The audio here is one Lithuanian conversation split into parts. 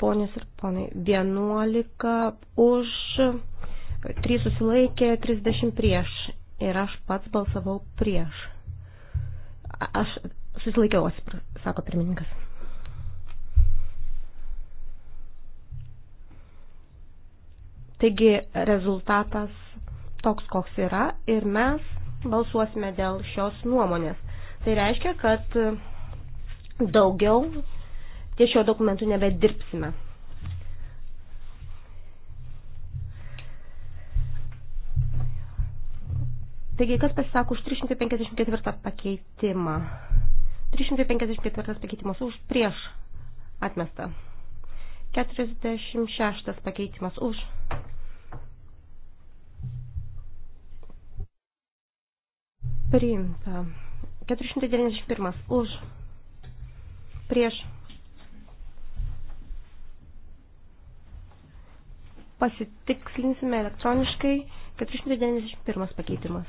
Ponės ir ponai, 11 už, 3 susilaikė, 30 prieš. Ir aš pats balsavau prieš. Aš susilaikiau, sako pirmininkas. Taigi rezultatas toks, koks yra ir mes balsuosime dėl šios nuomonės. Tai reiškia, kad daugiau ties šio dokumentu nebedirbsime. Taigi, kas pasisako už 354 pakeitimą? 354 pakeitimas už prieš atmestą. 46 pakeitimas už. Priimta. 491 už. Prieš pasitikslinsime elektroniškai 491 pakeitimas.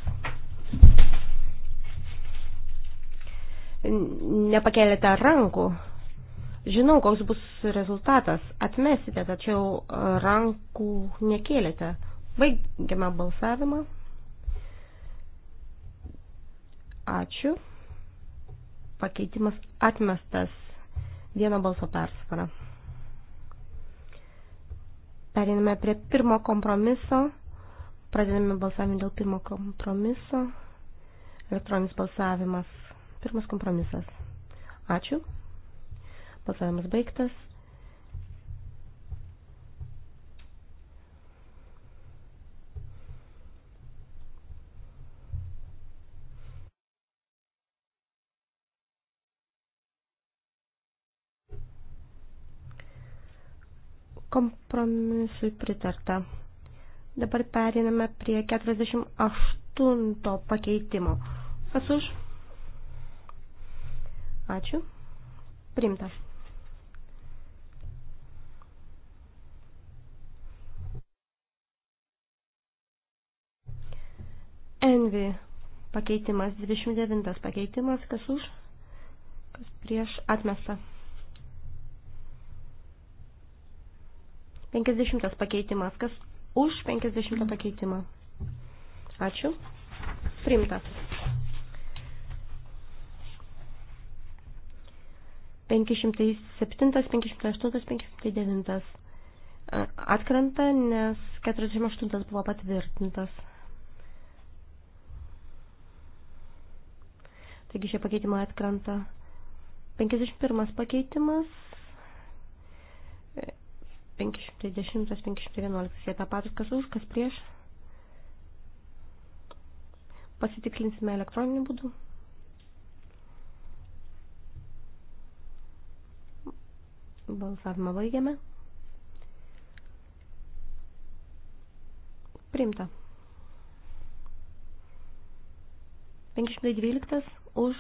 Nepakelėte rankų. Žinau, koks bus rezultatas. Atmesite, tačiau rankų nekėlėte. Baigiame balsavimą. Ačiū. Pakeitimas atmestas vieno balso persvara. Periname prie pirmo kompromiso. Pradedame balsavimą dėl pirmo kompromiso. Elektroninis balsavimas. Pirmas kompromisas. Ačiū. Balsavimas baigtas. Kompromisui pritarta. Dabar periname prie 48 pakeitimo. Kas už? Ačiū. Primta. Envy pakeitimas, 29 pakeitimas, kas už, kas prieš atmestą. 50 pakeitimas. Kas už 50 pakeitimą? Ačiū. Primta. 507, 508, 509 atkrenta, nes 48 buvo patvirtintas. Taigi šie pakeitimai atkrenta. 51 pakeitimas 510-511 tai tai jie tą patys, kas už, kas prieš. Pasitiklinsime elektroniniu būdu. Balsavimą baigiame. Priimta. 512 už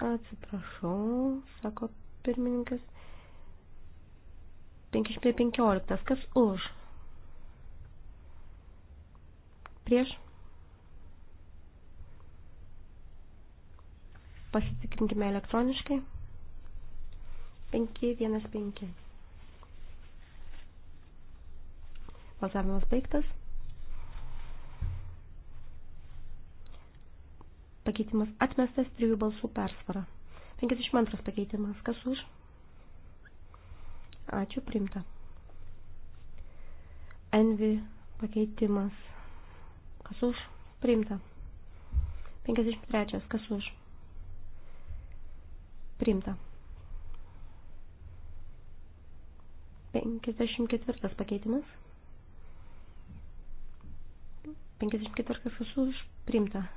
Atsiprašau, sako pirmininkas. 515. Kas už? Prieš? Pasitikrinkime elektroniškai. 515. Balsavimas baigtas. pakeitimas atmestas trijų balsų persvara. 52 pakeitimas. Kas už? Ačiū, primta. Envi pakeitimas. Kas už? Primta. 53. Kas už? Primta. 54 pakeitimas. 54 kas už? Primta.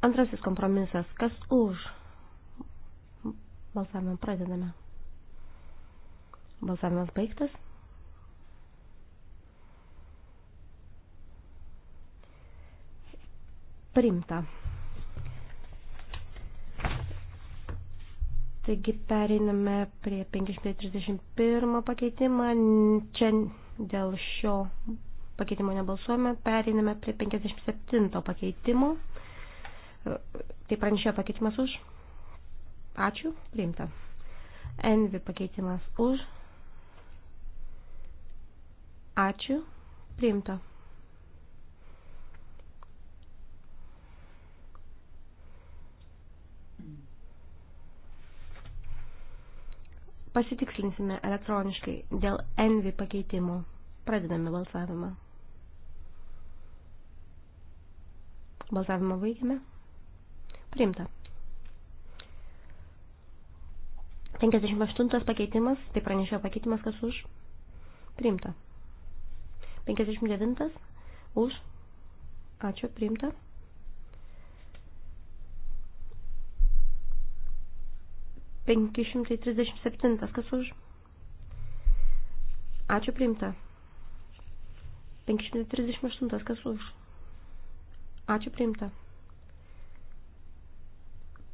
Antrasis kompromisas. Kas už? Balsavimą pradedame. Balsavimas baigtas. Primta. Taigi pereiname prie 531 pakeitimą. Čia dėl šio pakeitimo nebalsuojame. Pereiname prie 57 pakeitimo. Tai pranešėjo pakeitimas už. Ačiū, priimta. Envi pakeitimas už. Ačiū, priimta. Pasitikslinsime elektroniškai dėl envi pakeitimo. Pradedame balsavimą. Balsavimą baigime. Priimta. 58 pakeitimas, tai pranešėjo pakeitimas, kas už. Priimta. 59 už. Ačiū, priimta. Penkišimtai trisdešimt septintas, kas už? Ačiū priimta. 538, kas už? Ačiū priimta.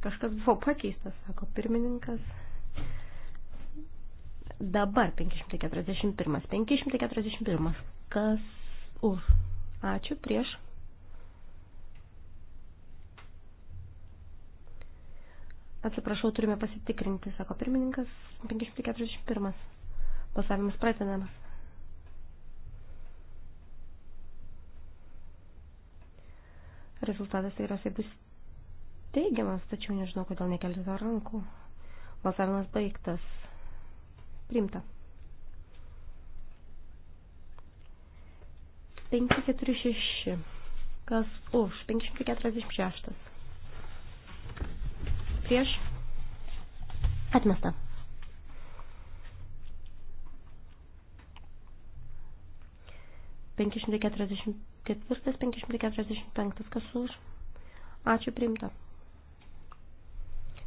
Kažkas buvo pakeistas, sako pirmininkas. Dabar 541. 541. Kas už? Ačiū prieš. Atsiprašau, turime pasitikrinti, sako pirmininkas. 541. Balsavimas pradedamas. Rezultatas tikriausiai bus teigiamas, tačiau nežinau, kodėl nekelti rankų. Balsavimas baigtas. Primta. 546. Kas už? 546. Prieš. Atmesta. Penki šimtai keturiasdešimt ketvirtas, penki šimtai keturiasdešimt penktas, kas už? Ačiū, priimta.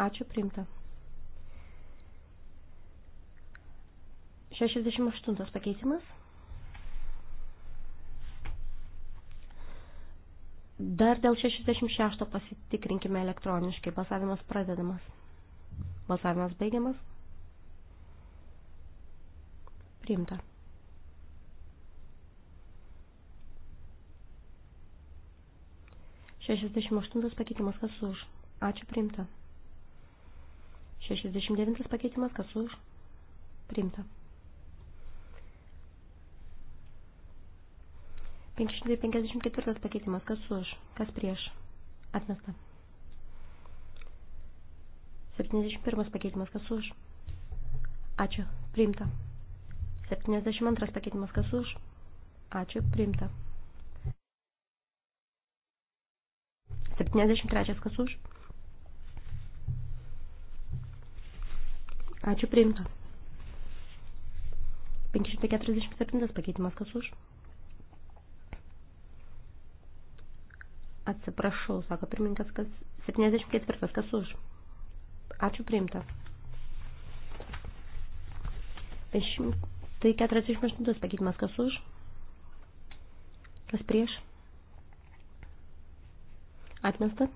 Ačiū priimta. 68 pakeitimas. Dar dėl 66 pasitikrinkime elektroniškai. Balsavimas pradedamas. Balsavimas baigiamas. Priimta. Šešiasdešimt aštuntas pakeitimas kas už. Ačiū priimta. 69 pakeitimas, kas už? Priimta. 554 pakeitimas, kas už? Kas prieš? Atmesta. 71 pakeitimas, kas už? Ačiū. Priimta. 72 pakeitimas, kas už? Ačiū. Priimta. 73 kas už? Ačiū priimta. 547 pakeitimas kas už? Atsiprašau, sako pirmininkas, kas 74 kas už? Ačiū priimta. 548 pakeitimas kas už? Kas prieš? Atmestas.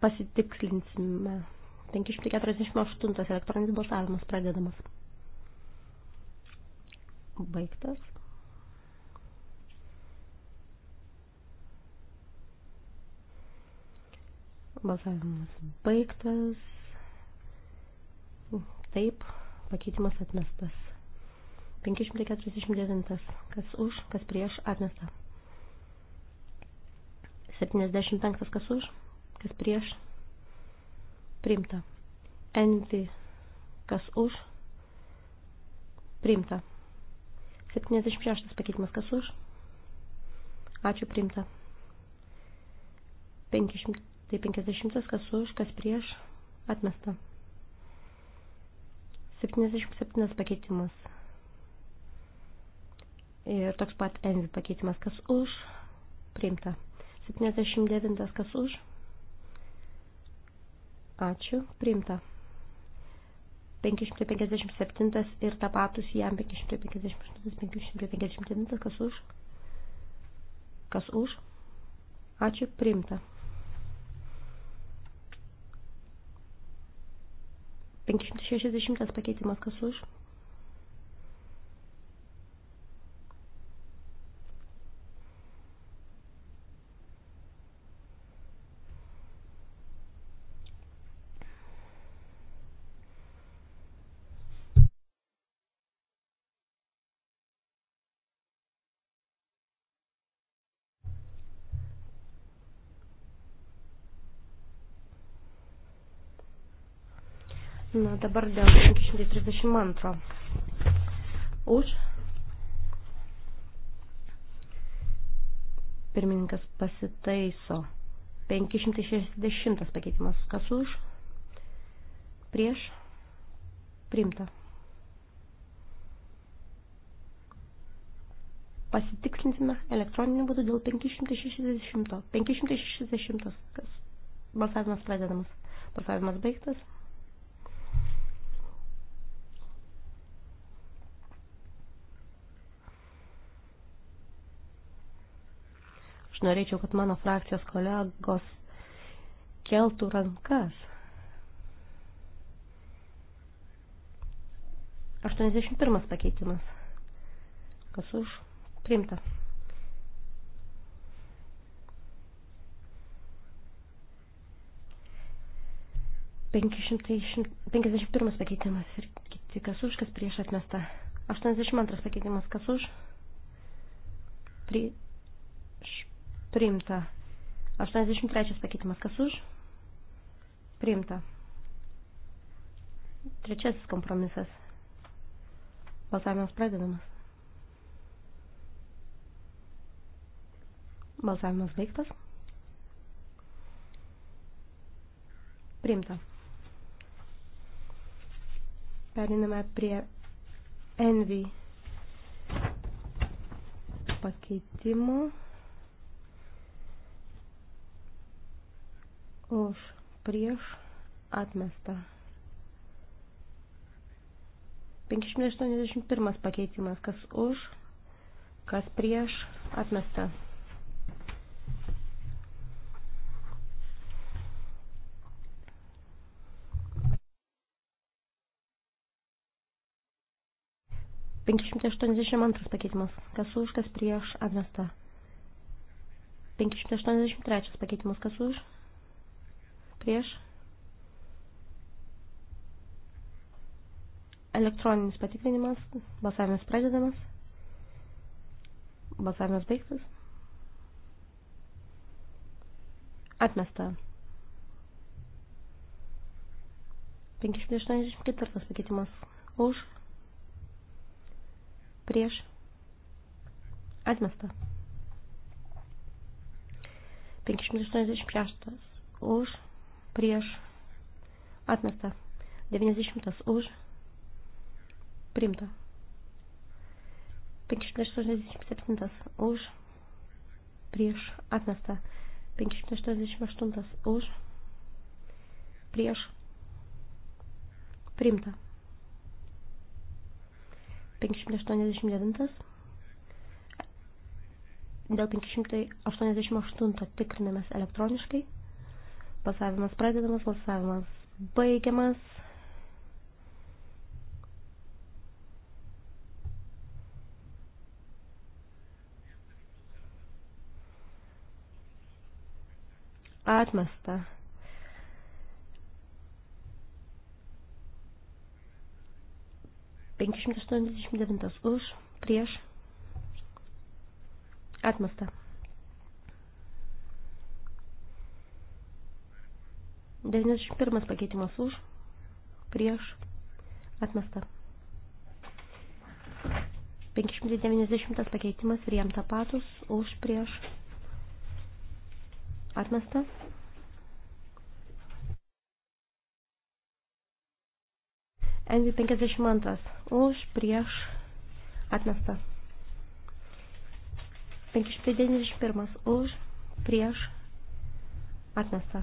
pasitikslinsime. 548 elektroninis balsavimas pradedamas. Baigtas. Balsavimas baigtas. Taip, pakeitimas atmestas. 549. Kas už, kas prieš atmesta. 75. Kas už, kas prieš, priimta. NV, kas už, priimta. 76 pakeitimas, kas už, ačiū, priimta. 500, tai 50, kas už, kas prieš, atmesta. 77 pakeitimas. Ir toks pat envi pakeitimas, kas už, priimta. 79, kas už, Ačiū. Priimta. 557 ir tapatus jam 558, 559, kas už? Kas už? Ačiū, priimta. 560 pakeitimas, kas už? Balsuosime dabar dėl 232. Už. Pirmininkas pasitaiso. 560 pakeitimas. Kas už? Prieš. Primta. Pasitikslinsime elektroniniu būdu dėl 560. 560. Kas? Balsavimas pradedamas. Balsavimas baigtas. Aš norėčiau, kad mano frakcijos kolegos keltų rankas. 81 pakeitimas. Kas už? Primta. Penkiasdešimt pirmas pakeitimas ir kiti kas už, kas prieš atmesta. Aštuoniasdešimt antras pakeitimas kas už, pri, Priimta. 83 pakeitimas. Kas už? Priimta. Trečiasis kompromisas. Balsavimas pradedamas. Balsavimas baigtas. Priimta. Periname prie Envy pakeitimų. už prieš atmestą. 581 pakeitimas, kas už, kas prieš atmestą. Penkišimtai aštuoniasdešimt antras pakeitimas. Kas už, kas prieš, atmesta. Penkišimtai aštuoniasdešimt trečias pakeitimas. Kas už, prieš. Elektroninis patikrinimas, balsavimas pradedamas, balsavimas baigtas. Atmesta. 584 pakeitimas už, prieš, atmesta. 586 už, prieš, atmesta. 90 už, primta. 587 už, prieš, atmesta. 548 už, prieš, primta. 589 dėl 588 tikrinamės elektroniškai. Balsavimas pradedamas, balsavimas baigiamas. Atmesta. Penkišimtas aštuoniasdešimt devintas už, prieš, atmesta. 91 pakeitimas už, prieš, atmesta. 590 pakeitimas ir jam tapatus, už, prieš, atmesta. NV52, už, prieš, atmesta. 591, už, prieš, atmesta.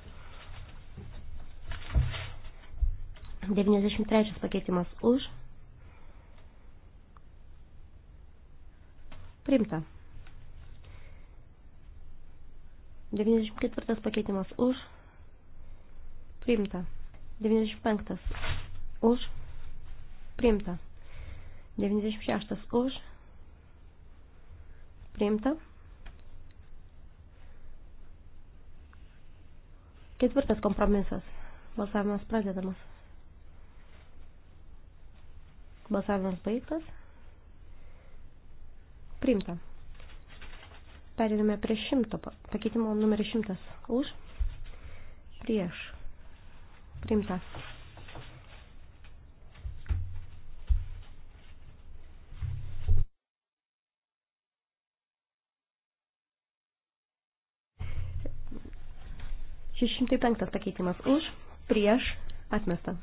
93 pakeitimas už. Primta. 94 pakeitimas už. Primta. 95 už. Primta. 96 už. Primta. Ketvirtas kompromisas. Balsavimas pradedamas. Balsavimas baigtas. Priimta. Perėdame prie šimto pakeitimo numeris šimtas. Už. Prieš. Priimta. Šešimtai penktas pakeitimas už, prieš, atmesta.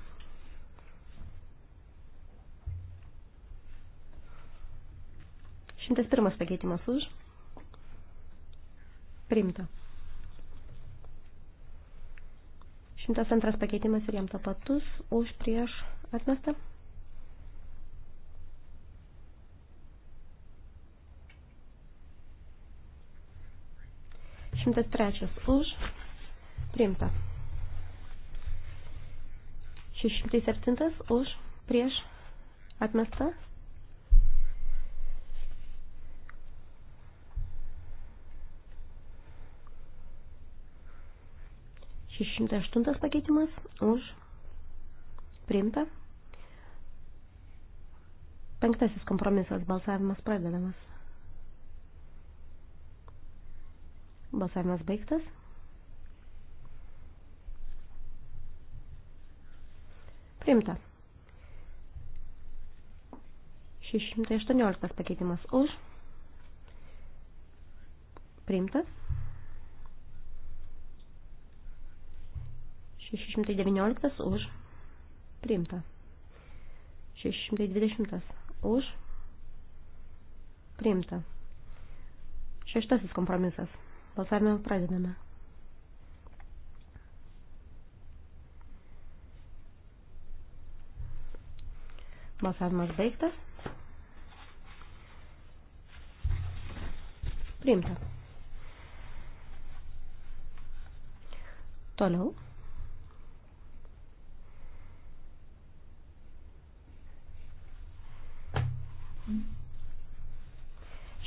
101 pakeitimas už. Priimta. 102 pakeitimas ir jam tapatus už prieš atmestą. Šimtas trečias už priimta. Šešimtai septintas už prieš atmestą. 608 pakeitimas už priimta. Penktasis kompromisas balsavimas pradedamas. Balsavimas baigtas. Priimta. 618 pakeitimas už. Priimtas. 619 už priimta. 620 už priimta. Šeštasis kompromisas. Balsavimą pradedame. Balsavimas baigtas. Priimta. Toliau.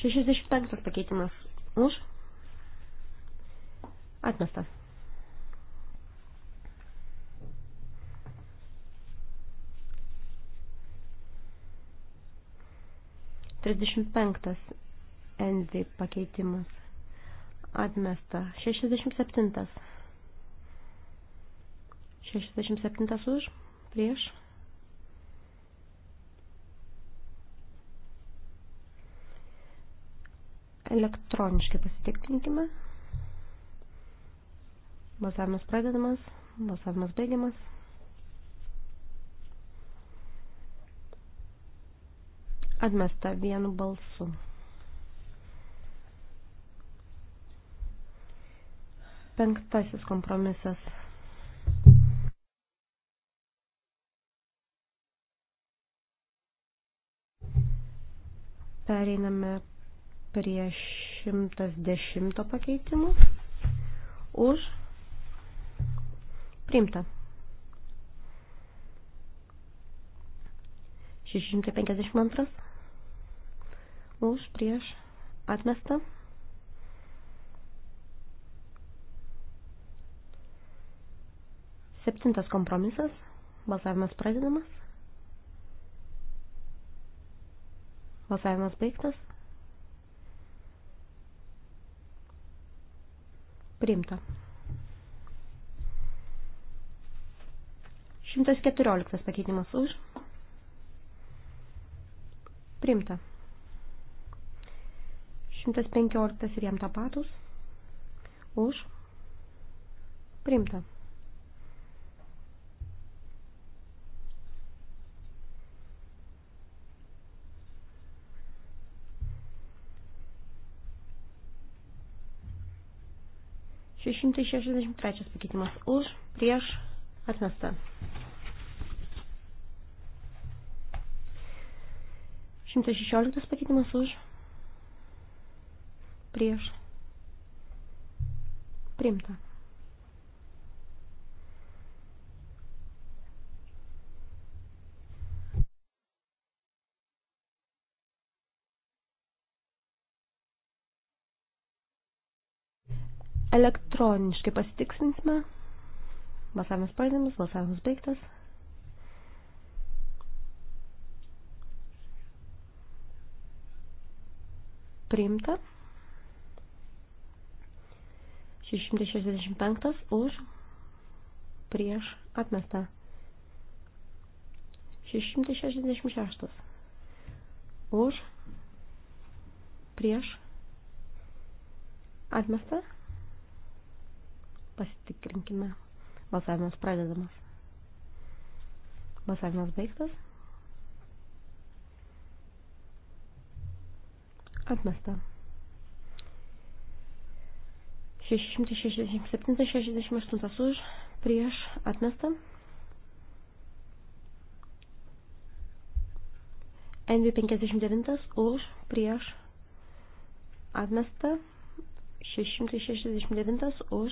65 pakeitimas už. Atmestas. Trisdešimt penktas Envy pakeitimas. Atmesta. Šešiasdešimt septintas. Šešiasdešimt septintas už. Prieš. Elektroniškai pasitikrinkime. Balsavimas pradedamas, balsavimas baigiamas. Atmesta vienu balsu. Penktasis kompromisas. Pereiname prie 110 pakeitimų. Už. Priimta. 652. Už. Prieš. Atmesta. Septintas kompromisas. Balsavimas pradedamas. Balsavimas baigtas. Priimta. 114 pakeitimas už. Priimta. 115 ir jam tapatus. Už. Priimta. 663 pakeitimas už, prieš, atmesta. 116 pakeitimas už, prieš, priimta. Elektroniškai pasitiksinsime. Balsavimas pradedamas, balsavimas baigtas. Priimta. 665 už prieš atmestą. 666 už prieš atmestą. Pasitikrinkime. Balsavimas pradedamas. Balsavimas baigtas. Atmesta. 667, 68 už, prieš, atmesta. NV59 už, prieš, atmesta. 669 už,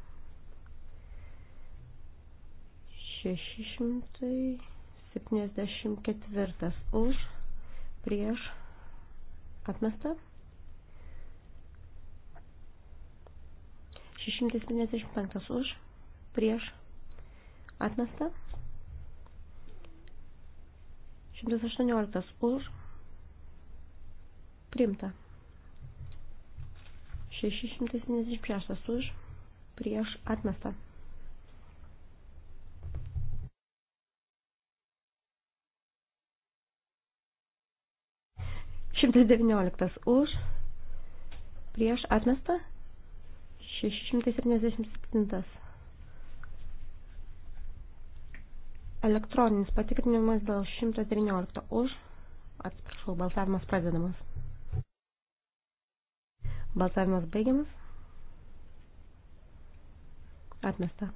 674 už, prieš, atmesta. 675 už, prieš, atmesta. 118 už, primta. 676 už, prieš, atmesta. 119 už, prieš atmestą, 677. Elektroninis patikrinimas dėl 119 už, atsiprašau, balsavimas pradedamas. Balsavimas baigiamas. Atmesta.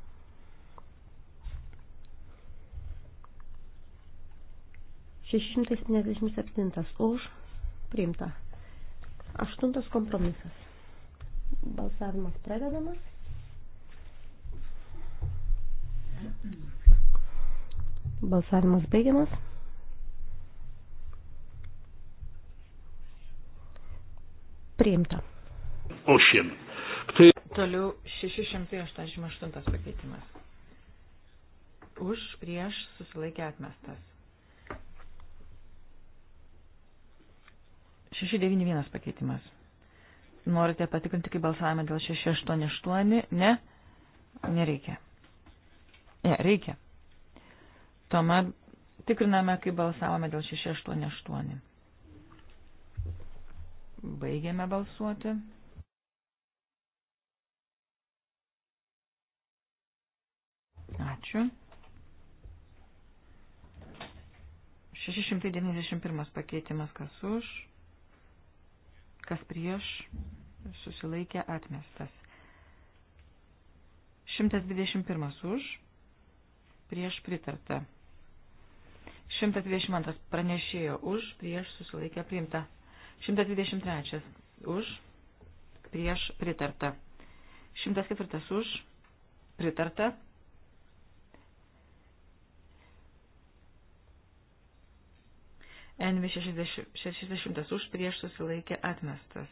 Šešimtas septyniasdešimt septintas už priimta. Aštuntas kompromisas. Balsavimas pradedamas. Balsavimas baigiamas. Priimta. Ošim. Tai... Toliau 688 pakeitimas. Už prieš susilaikė atmestas. 691 pakeitimas. Norite patikrinti, kaip balsavome dėl 688? Ne? Nereikia. Ne, reikia. Tuomet tikriname, kaip balsavome dėl 688. Baigėme balsuoti. Ačiū. 691 pakeitimas kas už kas prieš, susilaikė atmestas. 121 už, prieš pritarta. 122 pranešėjo už, prieš susilaikė priimta. 123 už, prieš pritarta. 104 už, pritarta. NV60 už prieš susilaikė atmestas.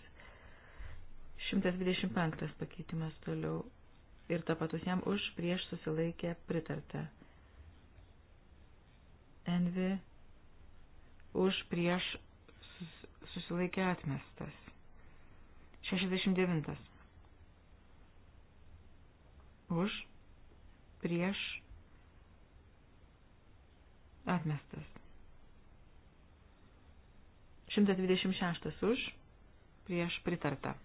125 pakeitimas toliau ir tapatus jam už prieš susilaikė pritarta. NV už prieš susilaikė atmestas. 69. Už prieš atmestas. 126 už, prieš pritarta.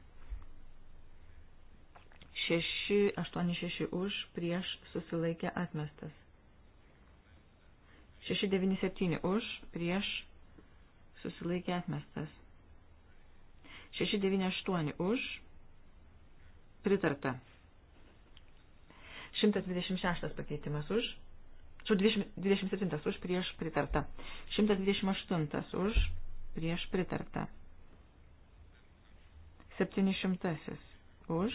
686 už, prieš susilaikė atmestas. 697 už, prieš susilaikė atmestas. 698 už, pritarta. 126 pakeitimas už, 127 už, prieš pritarta. 128 už, prieš pritarta. 700 už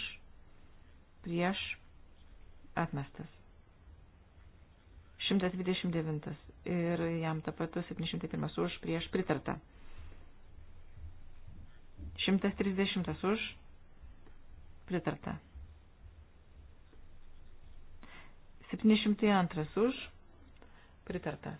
prieš atmestas. 129 ir jam ta patu 701 už prieš pritarta. 130 už pritarta. 702 už pritarta.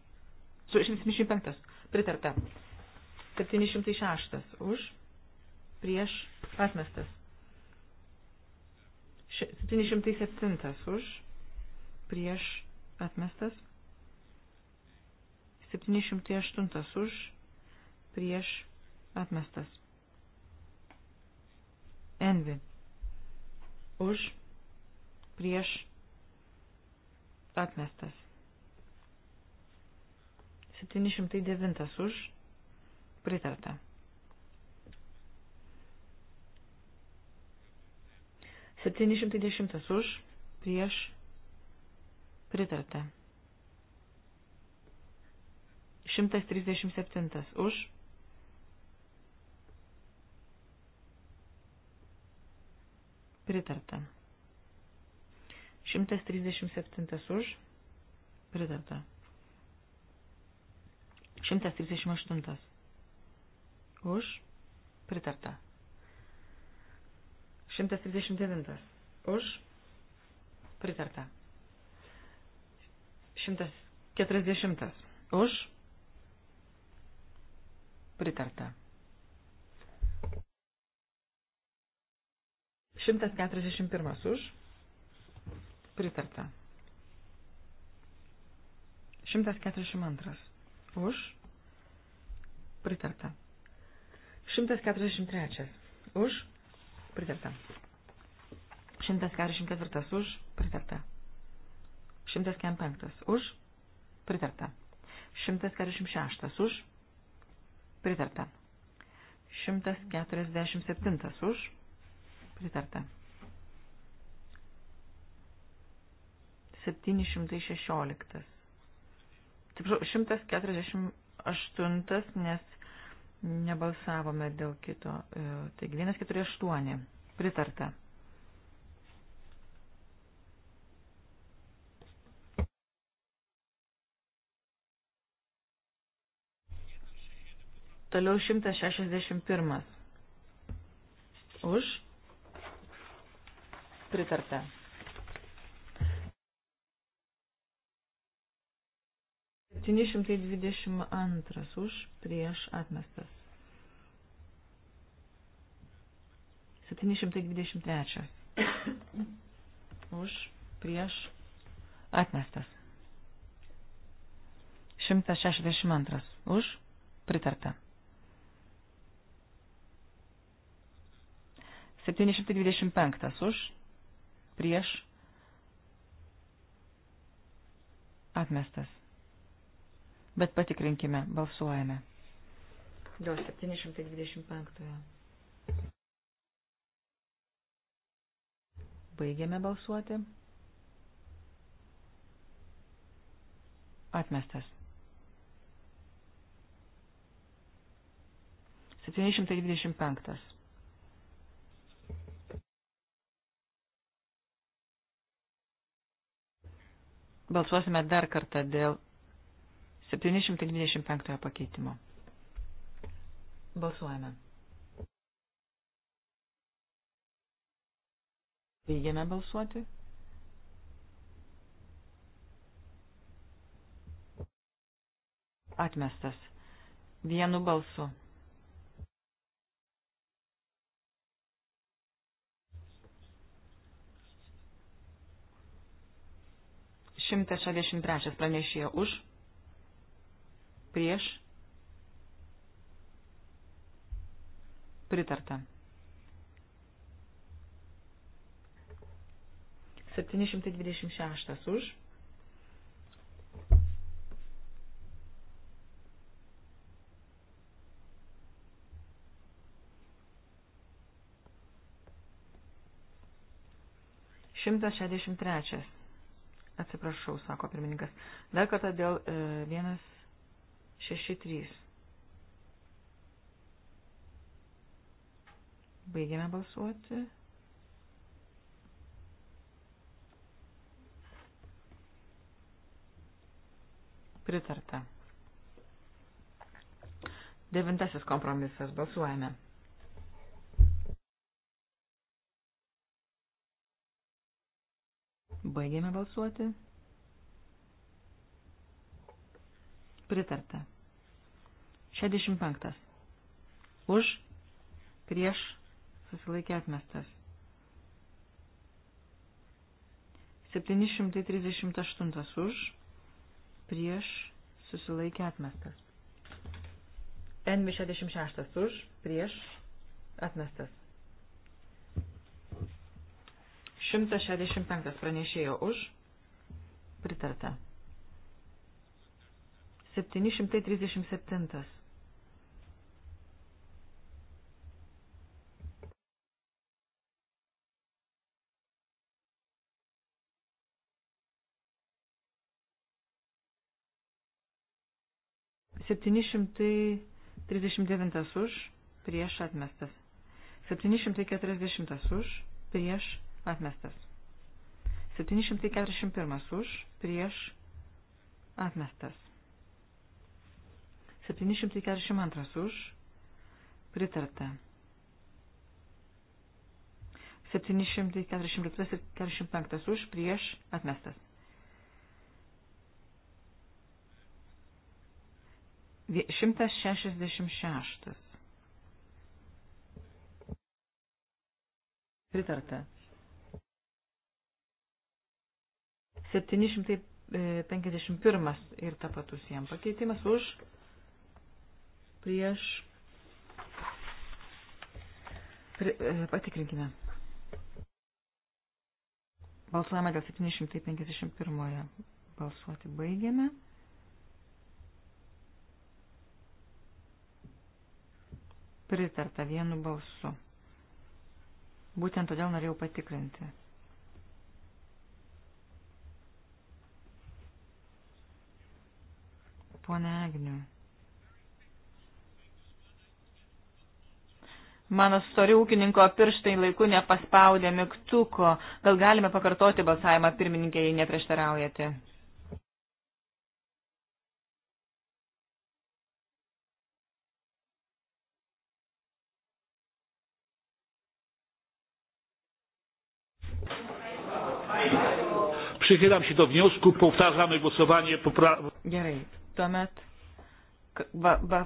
175 pritarta. 706 už, prieš atmestas. 707 už, prieš atmestas. 708 už, prieš atmestas. Envi. Už, prieš atmestas. 709 už. Pritarta. 710 už. Prieš. Pritarta. 137 už. Pritarta. 137 už. Pritarta. 138. Už. Pritarta. 139. Už. Pritarta. 140. Už. Pritarta. 141 už. Pritarta. 142. Už. Pritarta. 143. Už. Pritarta. 144. Už. Pritarta. 105. Už. Pritarta. 146. Už. Pritarta. 147. Už. Pritarta. 716 Atsiprašau, 148, nes nebalsavome dėl kito. E, taigi 148. Pritarta. Toliau 161. Už. Pritarta. 722 už prieš atmestas. 723 už prieš atmestas. 162 už pritarta. 725 už prieš atmestas bet patikrinkime, balsuojame. Dėl 725. Baigiame balsuoti. Atmestas. 725. Balsuosime dar kartą dėl 725 pakeitimo. Balsuojame. Baigiame balsuoti. Atmestas. Vienu balsu. Šimtas šešiasdešimt trečias pranešėjo už prieš, pritarta. 726 už. Šimtas šešiasdešimt trečias. Atsiprašau, sako pirmininkas. Dar kartą dėl e, vienas 6-3. Baigiame balsuoti. Pritarta. Devintasis kompromisas. Balsuojame. Baigiame balsuoti. pritarta. 65. Už, prieš, susilaikė atmestas. 738 už, prieš, susilaikė atmestas. NV66 už, prieš, atmestas. 165 pranešėjo už, pritarta. 737. Septyni šimtai trisdešimt devintas už, prieš atmestas. Septyni šimtai keturiasdešimtas už, prieš atmestas. Septyni šimtai keturiasdešimt pirmas už, prieš atmestas. 742 už. Pritarta. 744 ir 45 už. Prieš. Atmestas. Šimtas šešiasdešimt šeštas. Pritarta. 751 e, ir tapatus jam pakeitimas už prieš. Pri, e, patikrinkime. Balsuojame dėl 751. Balsuoti baigiame. Pritarta vienu balsu. Būtent todėl norėjau patikrinti. Pone Agniu. Mano stori ūkininko pirštai laiku nepaspaudė mygtuko. Gal galime pakartoti balsavimą pirmininkė, jei neprieštaraujate? Przychylam się do wniosku, powtarzamy głosowanie. Popra... Gerai, tuomet ba, ba,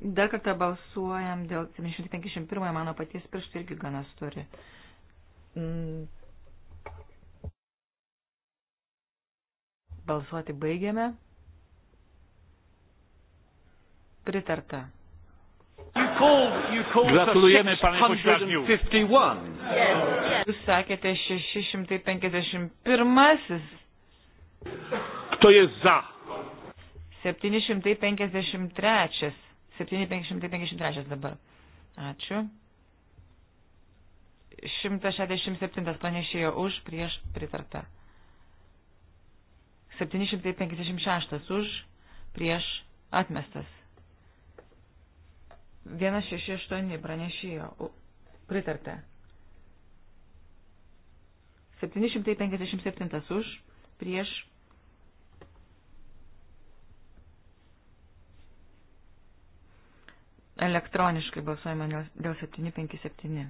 Dar kartą balsuojam dėl 751 mano paties pirštų irgi ganas turi. Mm. Balsuoti baigiame. Pritarta. Gratulujemy panie pośladniu. Jūs sakėte 651. Kto jest za? 753. 7553 dabar. Ačiū. 167 panešėjo už, prieš pritarta. 756 už, prieš atmestas. 168 pranešėjo pritarta. 757 už, prieš Elektroniškai balsuojame dėl 757.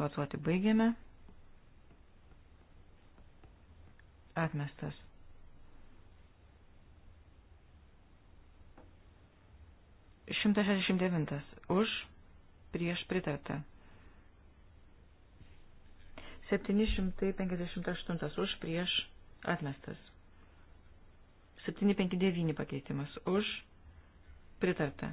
Balsuoti baigėme. Atmestas. Šimtas šešdešimt devintas. Už prieš pritartą. 758 už prieš atmestas. 759 pakeitimas už pritarta.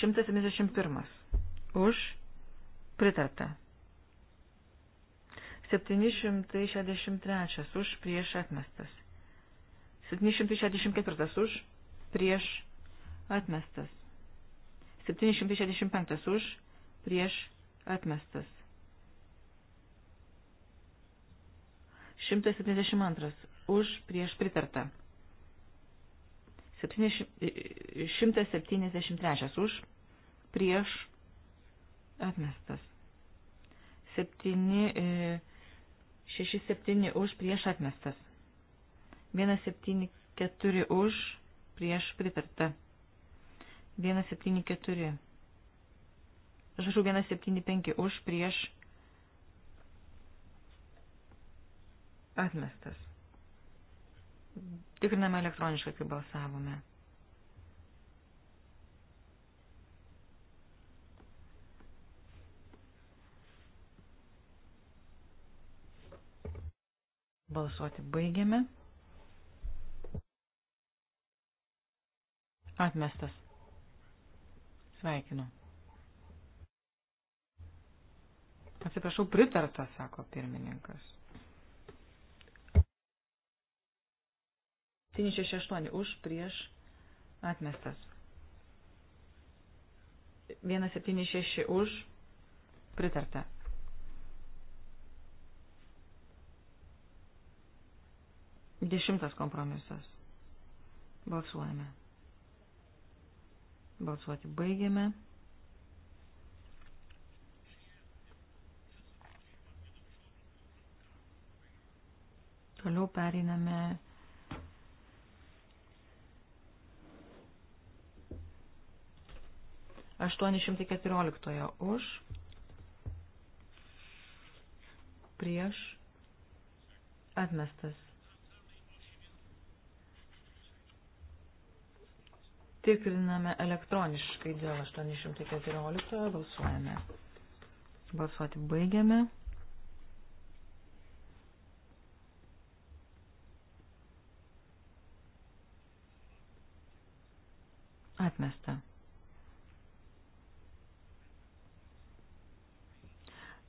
171. Už pritarta. 763 už prieš atmestas. 764 už prieš atmestas. 765 už prieš atmestas. 172 už prieš pritarta. 173 už, prieš, atmestas. 7, 6, 7 už, prieš, atmestas. 1, 7, 4 už, prieš, pritarta. 1, 7, 4. Žažu 1, 7, 5 už, prieš, atmestas. Tikriname elektroniškai, kaip balsavome. Balsuoti baigiame. Atmestas. Sveikinu. Atsiprašau, pritarta, sako pirmininkas. 768 už prieš atmestas. 176 už pritarta. Dešimtas kompromisas. Balsuojame. Balsuoti baigiame. Toliau periname 814 už, prieš, atmestas. Tikriname elektroniškai dėl 814, balsuojame. Balsuoti baigiame. Atmesta.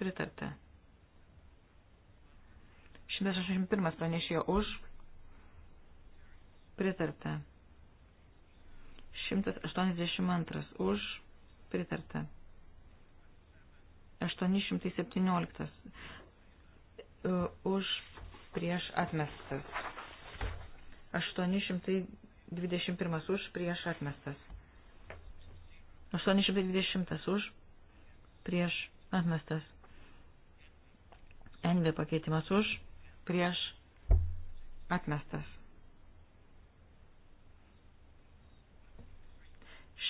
Pritarta. 161 pranešėjo už. Pritarta. 182 už. Pritarta. 817 e, už prieš atmestas. 821 už prieš atmestas. 820 už prieš atmestas. NV pakeitimas už, prieš, atmestas.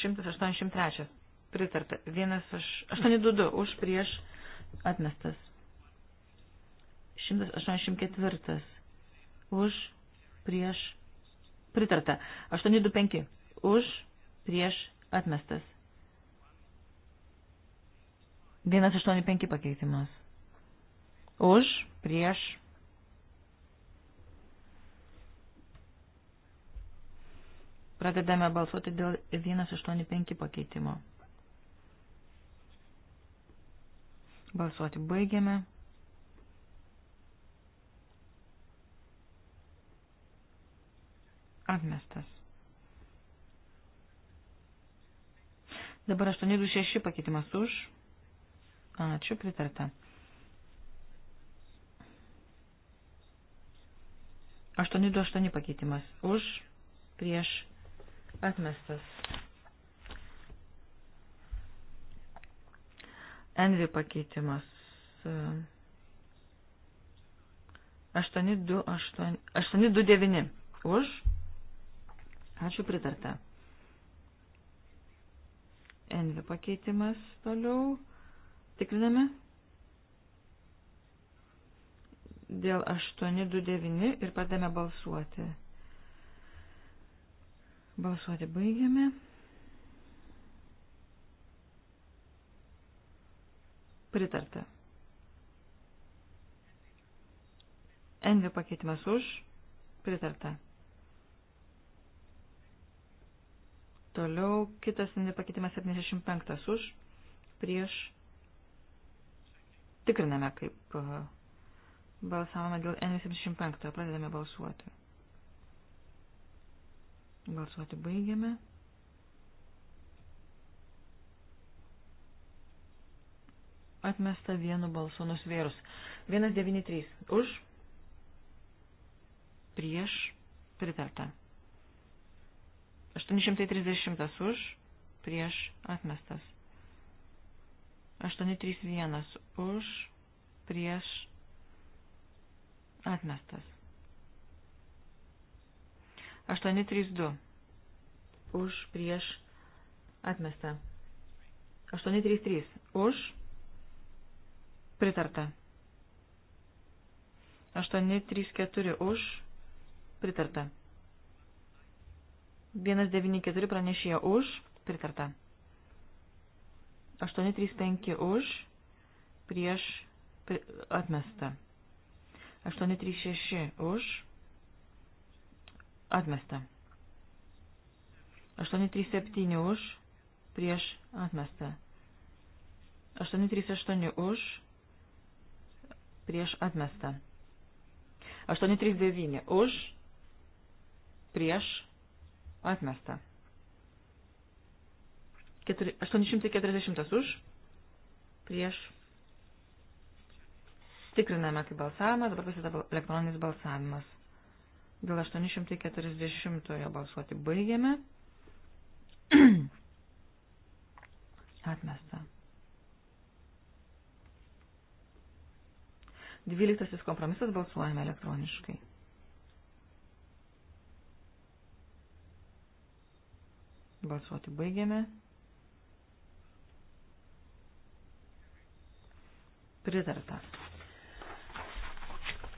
183. Pritarta. 182 už, prieš, atmestas. 184. Už, prieš, pritarta. 825. Už, prieš, atmestas. 185 pakeitimas už, prieš. Pradedame balsuoti dėl 185 pakeitimo. Balsuoti baigiame. Atmestas. Dabar 826 pakeitimas už. Ačiū, pritarta. 828 pakeitimas. Už, prieš, atmestas. Envi pakeitimas. 828, 829. Už. Ačiū pritarta. Envi pakeitimas toliau. Tikriname. dėl 829 ir padame balsuoti. Balsuoti baigiame. Pritarta. Envi pakeitimas už. Pritarta. Toliau kitas pakeitimas 75 už, prieš. Tikriname, kaip Balsavome dėl N75. Pradedame balsuoti. Balsuoti baigiame. Atmesta vienu balsu nusvėrus. 193. Už. Prieš. Pritarta. 830 už. Prieš. Atmestas. 831 už. Prieš Atmestas. 832. Už prieš atmestą. 833. Už pritarta. 834. Už pritarta. 194 pranešėjo už pritarta. 835 už prieš atmestą. 836 už. Atmesta. 837 už. Prieš. Atmesta. 838 už. Prieš. Atmesta. 839 už. Prieš. Atmesta. 840 už. Prieš. Tikriname, kaip balsavimas, dabar prasideda elektroninis balsavimas. Dėl 840 balsuoti baigėme. Atmesta. Dvyliktasis kompromisas balsuojame elektroniškai. Balsuoti baigėme. Pritarta.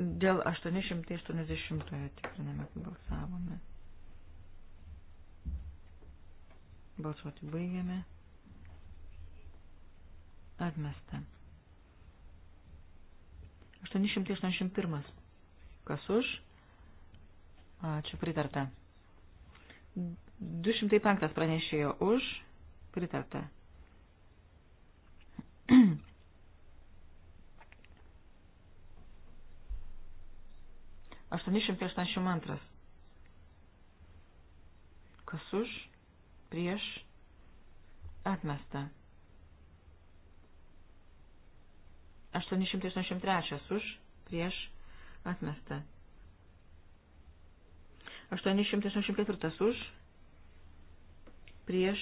Dėl 880 tikriname, kaip balsavome. Balsuoti baigiame. Atmesta. 881. Kas už? Ačiū pritarta. 205 pranešėjo už. Pritarta. 882. Kas už, prieš, atmesta. 883 už, prieš, atmesta. 884 už, prieš,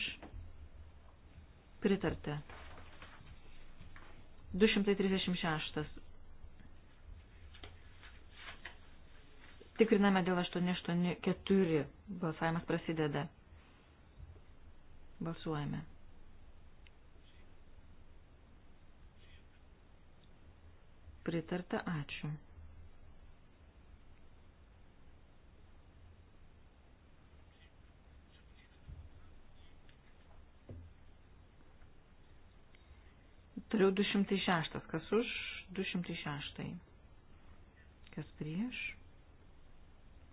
pritarta. 236 Tikriname dėl 884. Balsavimas prasideda. Balsuojame. Pritarta, ačiū. Toliau 206. Kas už 206? Kas prieš?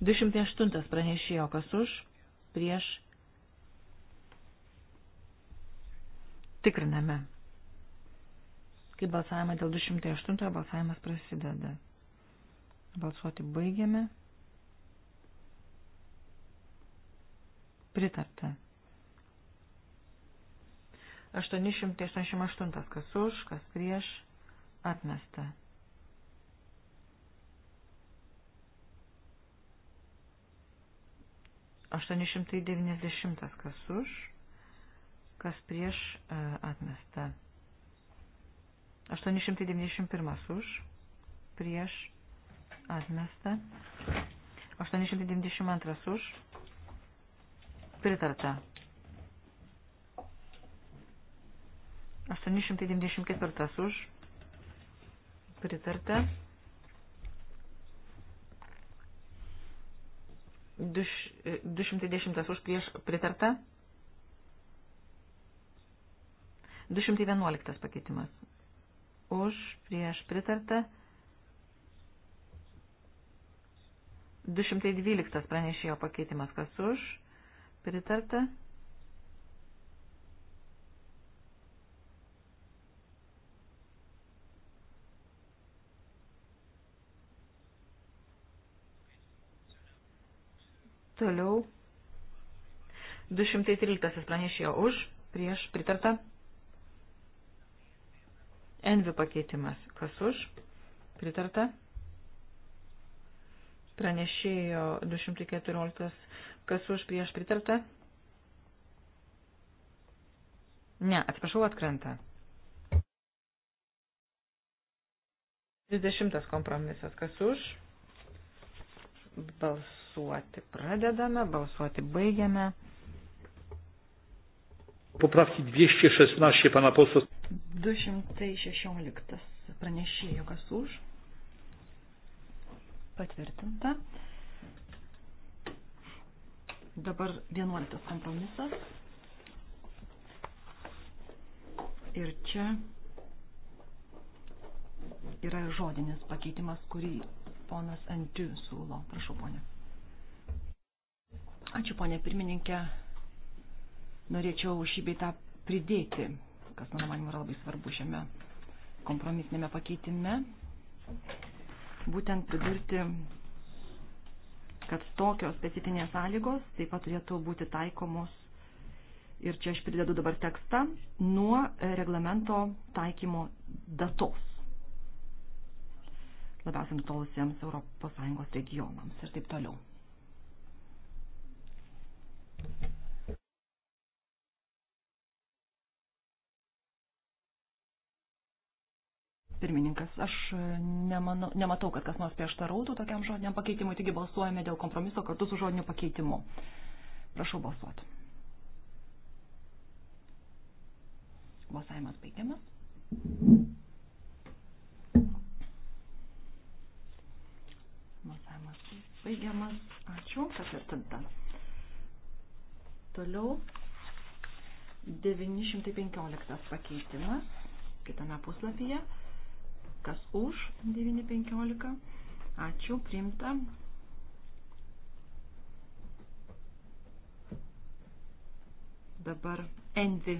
208 pranešėjo, kas už, prieš. Tikriname. Kai balsavimą dėl 208 balsavimas prasideda. Balsuoti baigiame. Pritarta. 888 kas už, kas prieš, atmesta. 890 kas už, kas prieš e, atmesta. 891 už, prieš atmesta. 892 už, pritarta. 894 už, pritarta. 210 e, e, už prieš pritarta. 211 pakeitimas. Už prieš pritarta. 212 pranešėjo pakeitimas. Kas už? Pritarta. Toliau 213 pranešėjo už, prieš pritarta. Envi pakeitimas. Kas už? Pritarta. Pranešėjo 214. Kas už prieš pritarta? Ne, atsiprašau, atkrenta. 30 kompromisas. Kas už? Balsu balsuoti pradedame, balsuoti baigiame. Poprawki 216 pana posła. 216 pranešėjo, kas už. Patvirtinta. Dabar 11 kompromisas. Ir čia yra žodinis pakeitimas, kurį ponas Antiu siūlo. Prašau, ponė. Ačiū, ponė pirmininkė. Norėčiau šį beitą pridėti, kas mano manimu yra labai svarbu šiame kompromisinėme pakeitime. Būtent pridurti, kad tokios specifinės sąlygos taip pat turėtų būti taikomos ir čia aš pridedu dabar tekstą, nuo reglamento taikymo datos labiausiai nutolusiems ES regionams ir taip toliau. Pirmininkas, aš e, nemanu, nematau, kad kas nors prieštarautų tokiam žodiniam pakeitimui, taigi balsuojame dėl kompromiso kartu su žodiniu pakeitimu. Prašau balsuoti. Balsavimas baigiamas. Balsavimas baigiamas. Ačiū, patvirtinta. Toliau 915 pakeitimas kitame puslapyje. Kas už 9.15? Ačiū, priimta. Dabar Envi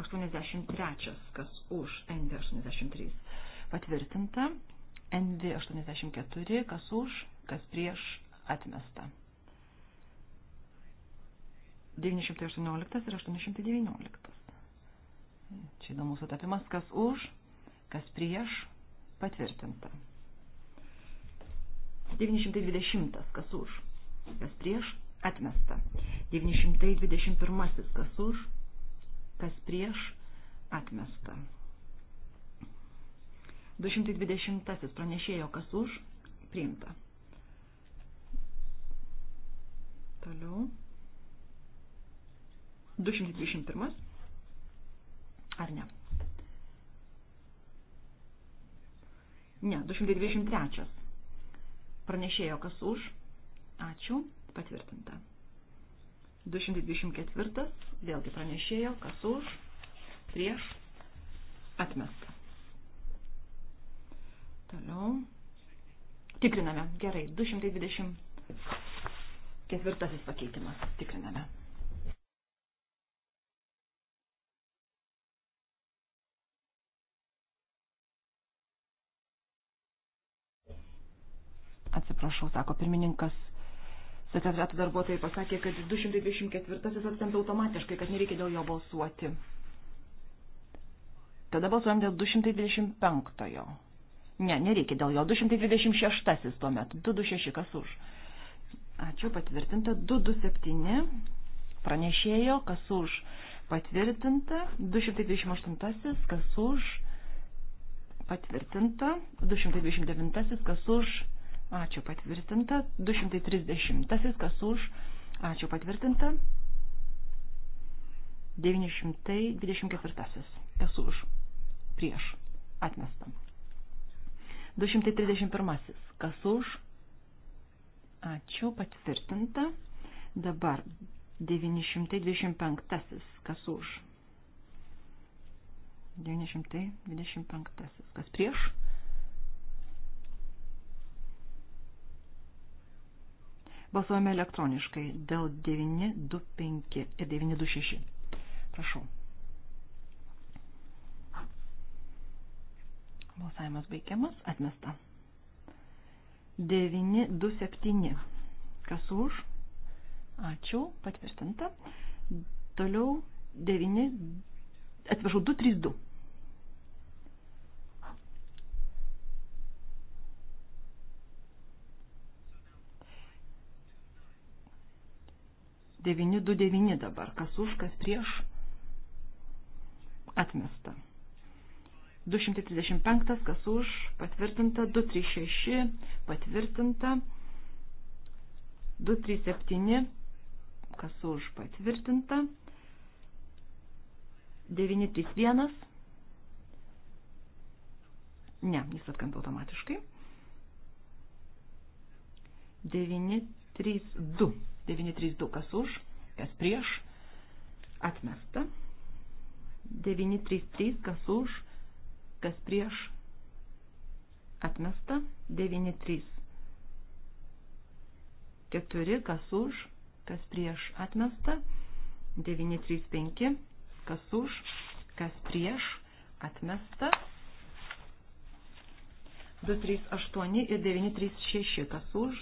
83. Kas už Envi 83? Patvirtinta. Envi 84. Kas už, kas prieš atmesta. 918 ir 819. Čia įdomus sutapimas, kas už, kas prieš, patvirtinta. 920, kas už, kas prieš, atmesta. 921, kas už, kas prieš, atmesta. 220 pranešėjo, kas už, priimta. Toliau. 221. Ar ne? Ne, 223. Pranešėjo, kas už. Ačiū. Patvirtinta. 224. Vėlgi pranešėjo, kas už. Prieš. Atmesta. Toliau. Tikriname. Gerai. 224 pakeitimas. Tikriname. atsiprašau, sako pirmininkas. Sekretariato darbuotojai pasakė, kad 224 atsitempia automatiškai, kad nereikia dėl jo balsuoti. Tada balsuojam dėl 225. Ne, nereikia dėl jo. 226 tuo metu. 226 kas už. Ačiū, patvirtinta. 227 pranešėjo, kas už. Patvirtinta. 228 kas už patvirtinta, 229 kas už Ačiū patvirtinta. 230. Kas už? Ačiū patvirtinta. 924. Kas už? Prieš. Atmesta. 231. Kas už? Ačiū patvirtinta. Dabar 925. Kas už? 925. Kas prieš? Balsuojame elektroniškai dėl 925 ir 926. Prašau. Balsavimas baigiamas, atmesta. 927. Kas už? Ačiū, patvirtinta. Toliau 9, atsiprašau, 232. 929 dabar. Kas už, kas prieš? Atmesta. 235, kas už, patvirtinta. 236, patvirtinta. 237, kas už, patvirtinta. 931. Ne, jis atkanta automatiškai. 932 932 kas už, kas prieš, atmesta. 933 kas už, kas prieš, atmesta. 93 4 kas už, kas prieš, atmesta. 935 kas už, kas prieš, atmesta. 238 ir 936 kas už,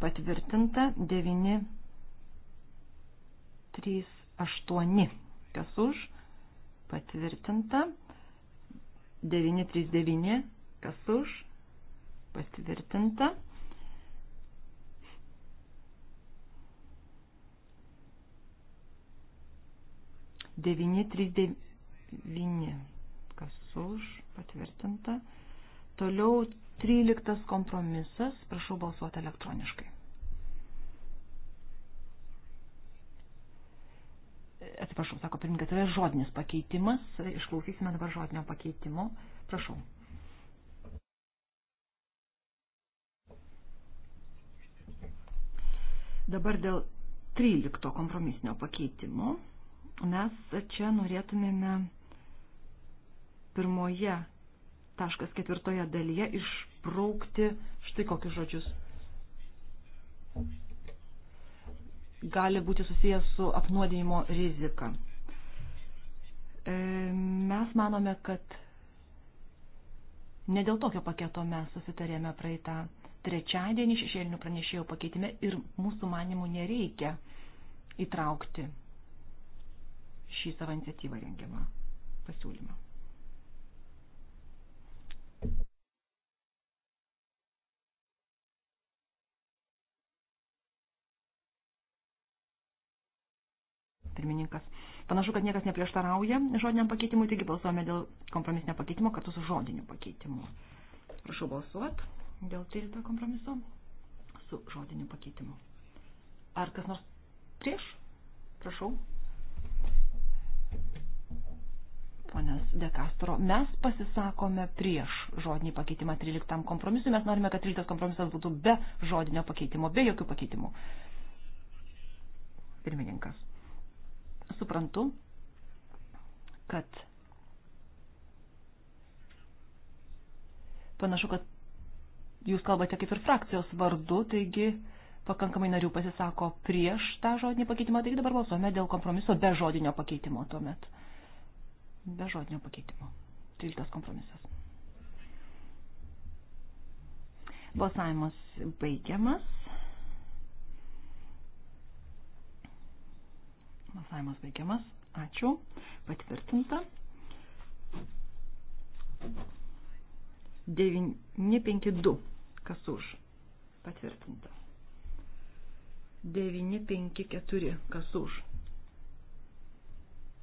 patvirtinta 9. 3, 8. Kas už? Patvirtinta. 9, 3, 9. Kas už? Patvirtinta. Devini, trys, devyni. Kas už, patvirtinta. Toliau 13 kompromisas, prašau balsuoti elektroniškai. atsiprašau, sako pirmininkas, yra žodinis pakeitimas, išklausysime dabar žodinio pakeitimo. Prašau. Dabar dėl 13 kompromisinio pakeitimo mes čia norėtumėme pirmoje taškas ketvirtoje dalyje išbraukti štai kokius žodžius gali būti susijęs su apnuodėjimo rizika. E, mes manome, kad ne dėl tokio paketo mes susitarėme praeitą trečiadienį šešėlinių pranešėjų pakeitime ir mūsų manimų nereikia įtraukti šį savo iniciatyvą rengiamą pasiūlymą. Pirmininkas. Panašu, kad niekas neprieštarauja žodiniam pakeitimui, taigi balsuojame dėl kompromisinio pakeitimo kartu su žodiniu pakeitimu. Prašau balsuoti dėl 13 kompromiso su žodiniu pakeitimu. Ar kas nors prieš? Prašau. Ponas Dekastro, mes pasisakome prieš žodinį pakeitimą 13 kompromisui, mes norime, kad 13 kompromisas būtų be žodinio pakeitimo, be jokių pakeitimų. Pirmininkas suprantu, kad panašu, kad jūs kalbate kaip ir frakcijos vardu, taigi pakankamai narių pasisako prieš tą žodinį pakeitimą, taigi dabar balsuojame dėl kompromiso be žodinio pakeitimo tuomet. Be žodinio pakeitimo. 13 kompromisas. Balsavimas baigiamas. Balsavimas baigiamas. Ačiū. Patvirtinta. 952. Kas už? Patvirtinta. 954. Kas už?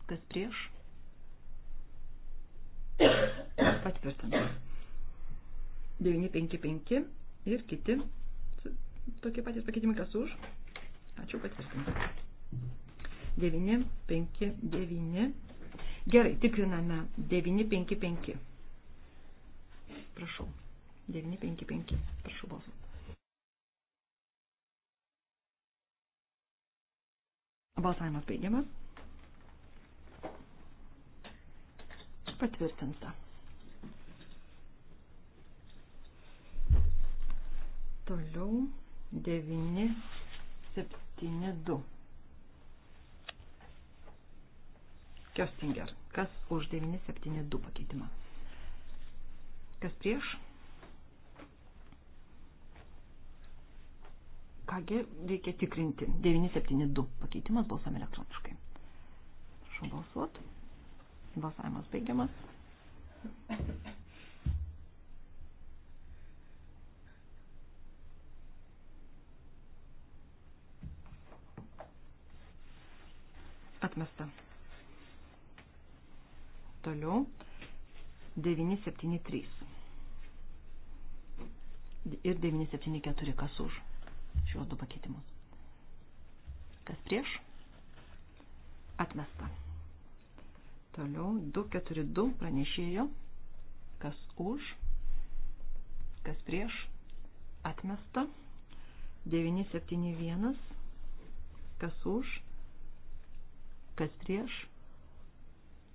Kas prieš? Patvirtinta. 955 ir kiti tokie patys pakeitimai, kas už. Ačiū patvirtinti. 9, 5, 9. Gerai, tikriname 9, 5, 5. Prašau. 9, 5, 5. Prašau balsuoti. Balsavimas baigiamas. Patvirtinta. Toliau 9, 7, 2. Kjostinger. Kas už 972 pakeitimą? Kas prieš? Kągi reikia tikrinti. 972 pakeitimas balsam elektroniškai. Prašau balsuoti. Balsavimas baigiamas. Atmesta. Toliau 973. Ir 974 kas už šiuos du pakeitimus. Kas prieš? Atmesta. Toliau 242 pranešėjo. Kas už? Kas prieš? Atmesta. 971. Kas už? Kas prieš?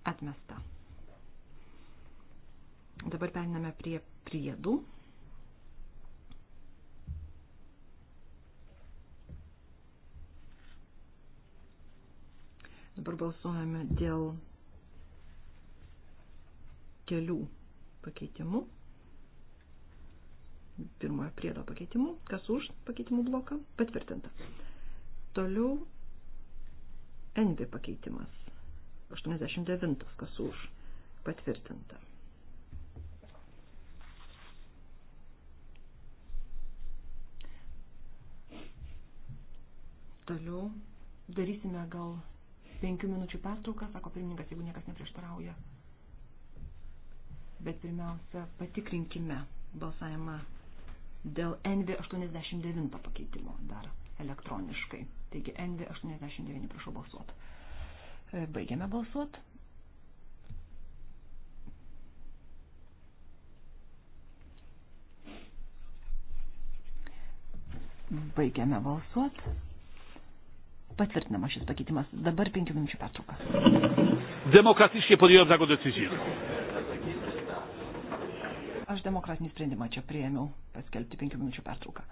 Atmesta. Dabar periname prie priedų. Dabar balsuojame dėl kelių pakeitimų. Pirmojo priedo pakeitimų. Kas už pakeitimų bloką? Patvirtinta. Toliau NV pakeitimas. 89. Kas už? Patvirtinta. Toliau darysime gal penkių minučių pertrauką, sako pirmininkas, jeigu niekas neprieštarauja. Bet pirmiausia, patikrinkime balsavimą dėl NV89 pakeitimo dar elektroniškai. Taigi NV89 prašau balsuot. E, baigiame balsuot. Baigiame balsuot patvirtinamas šis pakeitimas. Dabar penkių minučių pertrauka. Demokratiškai padėjom savo deciziją. Aš demokratinį sprendimą čia prieėmiau paskelbti penkių minučių pertrauką.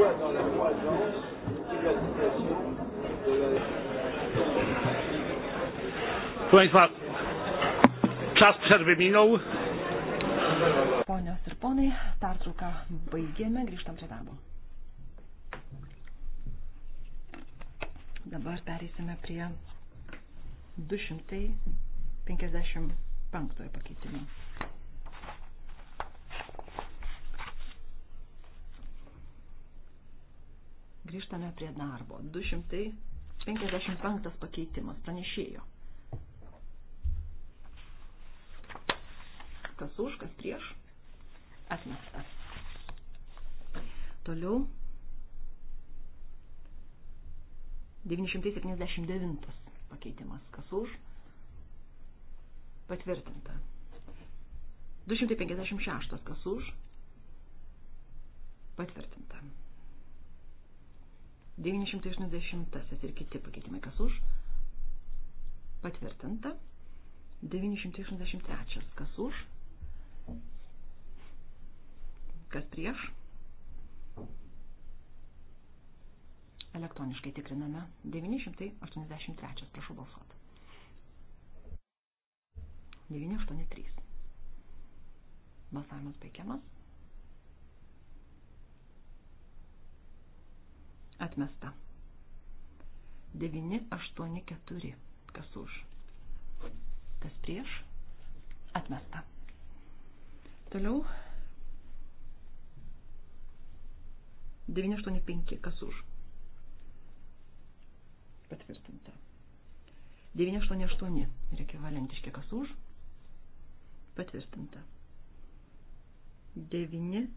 voit dans la croissance une application de la. Proszę Państwa, czas przerwy minął. Ponios ir ponai, pertrauką baigėme, grįžtam prie darbo. Dabar pereisime prie 255 pakeitimo. Grįžtame prie darbo. 255 pakeitimas pranešėjo. Kas už, kas prieš? Atmestas. Toliau. 979 pakeitimas. Kas už? Patvirtinta. 256 kas už? Patvirtinta. 980 ir kiti pakeitimai, kas už, patvirtinta. 983, kas už, kas prieš. Elektroniškai tikriname. 983, prašau balsuoti. 983. Balsavimas baigiamas. Atmesta. 984. Kas už? Kas prieš? Atmesta. Toliau. 985. Kas už? Patvirtinta. 988. Ir ekvivalentiški kas už? Patvirtinta. 9.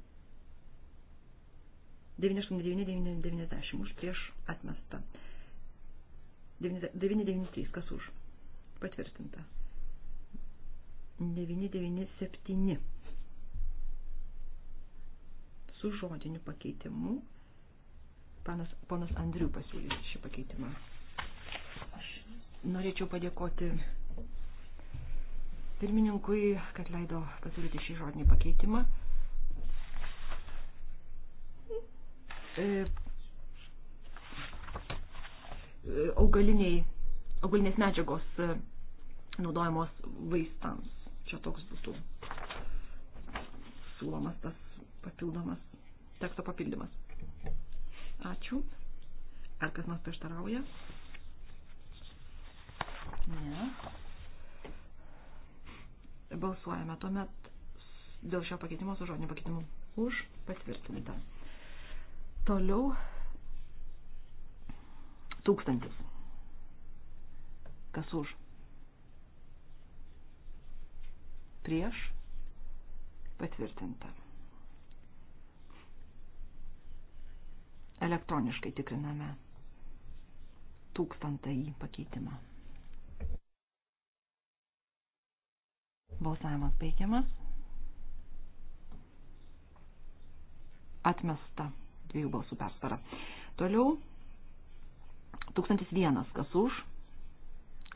989-990 už prieš atmestą. 993 kas už patvirtinta. 997 su žodiniu pakeitimu. Panas, ponas Andriu pasiūlys šį pakeitimą. Aš norėčiau padėkoti pirmininkui, kad leido pasiūlyti šį žodinį pakeitimą. E, e, augaliniai, augalinės medžiagos e, naudojamos vaistams. Čia toks būtų siūlomas tas papildomas teksto papildymas. Ačiū. Ar kas nors prieštarauja? Ne. Balsuojame tuomet dėl šio pakeitimo su žodiniu pakeitimu. Už patvirtinta. Toliau tūkstantis. Kas už? Prieš patvirtinta. Elektroniškai tikriname tūkstantąjį pakeitimą. Balsavimas baigiamas. Atmesta dviejų balsų persvara. Toliau 1001, kas už,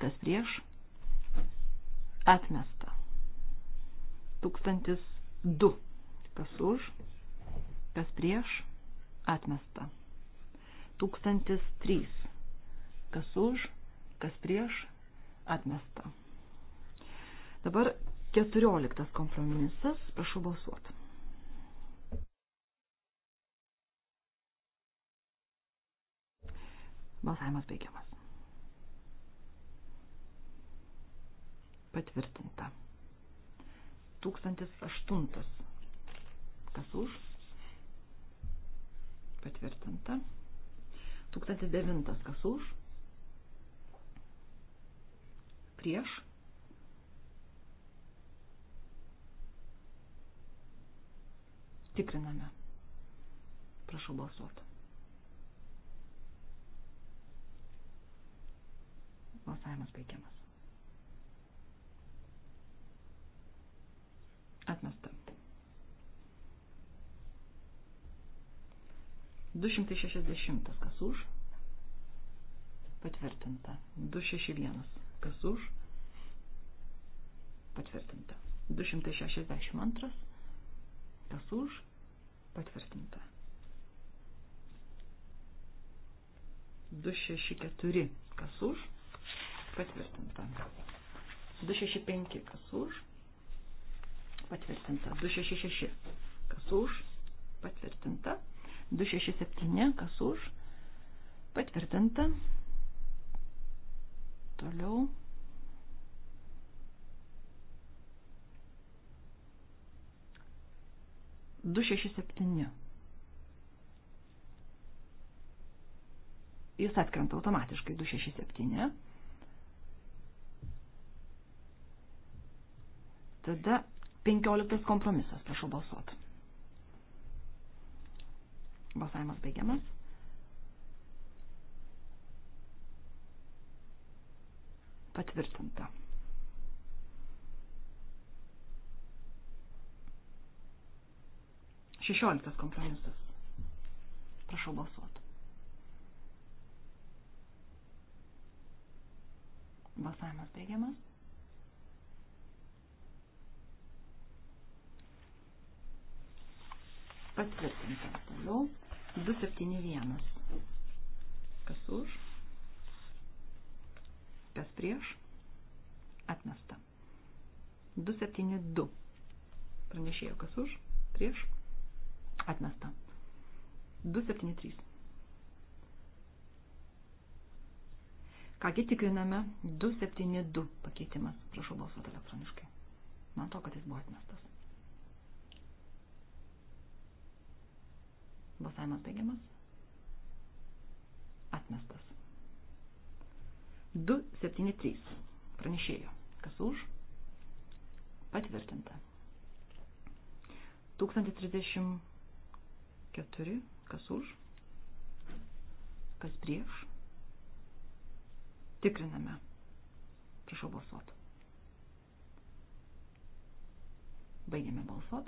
kas prieš, atmesta. 1002, kas už, kas prieš, atmesta. 1003, kas už, kas prieš, atmesta. Dabar 14 kompromisas, prašau balsuoti. Balsavimas baigiamas. Patvirtinta. 1008. Kas už? Patvirtinta. 1009. Kas už? Prieš. Tikriname. Prašau balsuoti. Balsavimas baigiamas. Atmesta. 260 kas už. Patvirtinta. 261 kas už. Patvirtinta. 262 kas už. Patvirtinta. 264 kas už patvirtinta. 265 kas už, patvirtinta. 266 kas už, patvirtinta. 267 kas už, patvirtinta. Toliau. Du šeši septyni. jis atkrenta automatiškai 267. Tada 15 kompromisas, prašau balsuoti. Balsavimas baigiamas. Patvirtinta. Šešioliktas kompromisas. Prašau balsuoti. Balsavimas baigiamas. Patvirtinta. Toliau 271. Kas už? Kas prieš? Atmesta. 272. Pranešėjo kas už? Prieš? Atmesta. 273. Kągi tikriname 272 pakeitimas. Prašau balsuoti elektroniškai. Man to, kad jis buvo atmestas. Balsavimas baigiamas. Atmestas. 273. Pranešėjo. Kas už? Patvirtinta. 1034. Kas už? Kas prieš? Tikriname. Prašau balsuot. Baigiame balsuot.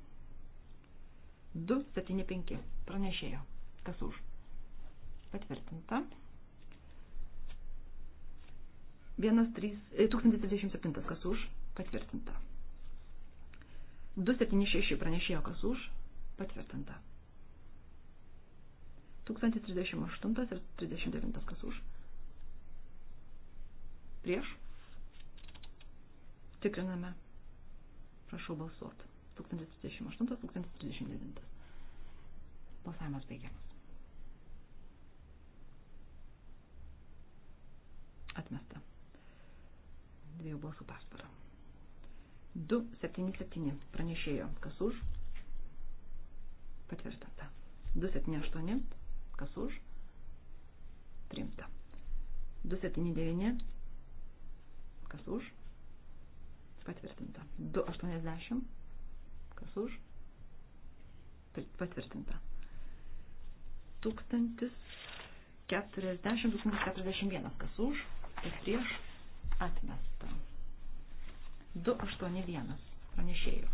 275 pranešėjo. Kas už? Patvirtinta. 1037 e, kas už? Patvirtinta. 276 pranešėjo kas už? Patvirtinta. 1038 ir 39 kas už? Prieš? Tikriname. Prašau balsuoti. 1038-1039. Balsavimas baigiamas. Atmesta. Dviejų balsų persvara. 277 pranešėjo, kas už. Patvirtinta. 278, kas už. Priimta. 279, kas už. Patvirtinta. 280 Kas už? Patvirtinta. 1040-1041. Kas už? Kas prieš? Atmesta. 281. Pranešėjų.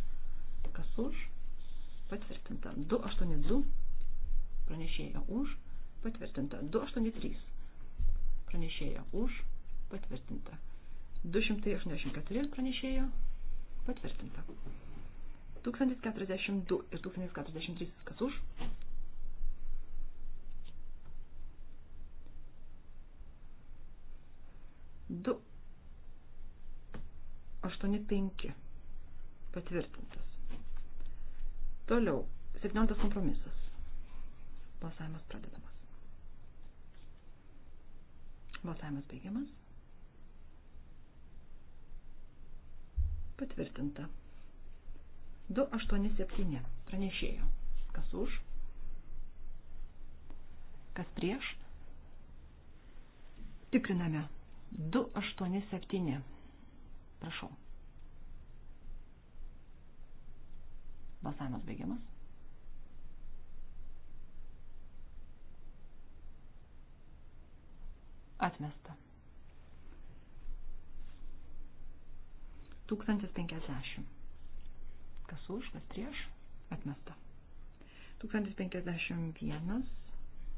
Kas už? Patvirtinta. 282. Pranešėjo už. Patvirtinta. 283. Pranešėjo už. Patvirtinta. 284 pranešėjo. Patvirtinta. 1042 ir 1043 kas už. Du. Aštuoni penki. Patvirtintas. Toliau. 17 kompromisas. Balsavimas pradedamas. Balsavimas baigiamas. Patvirtinta. 287 pranešėjo. Kas už? Kas prieš? Tikriname. 287. Prašau. Balsavimas baigiamas. Atmesta. 1050. Kas už, kas prieš, atmesta. 1051.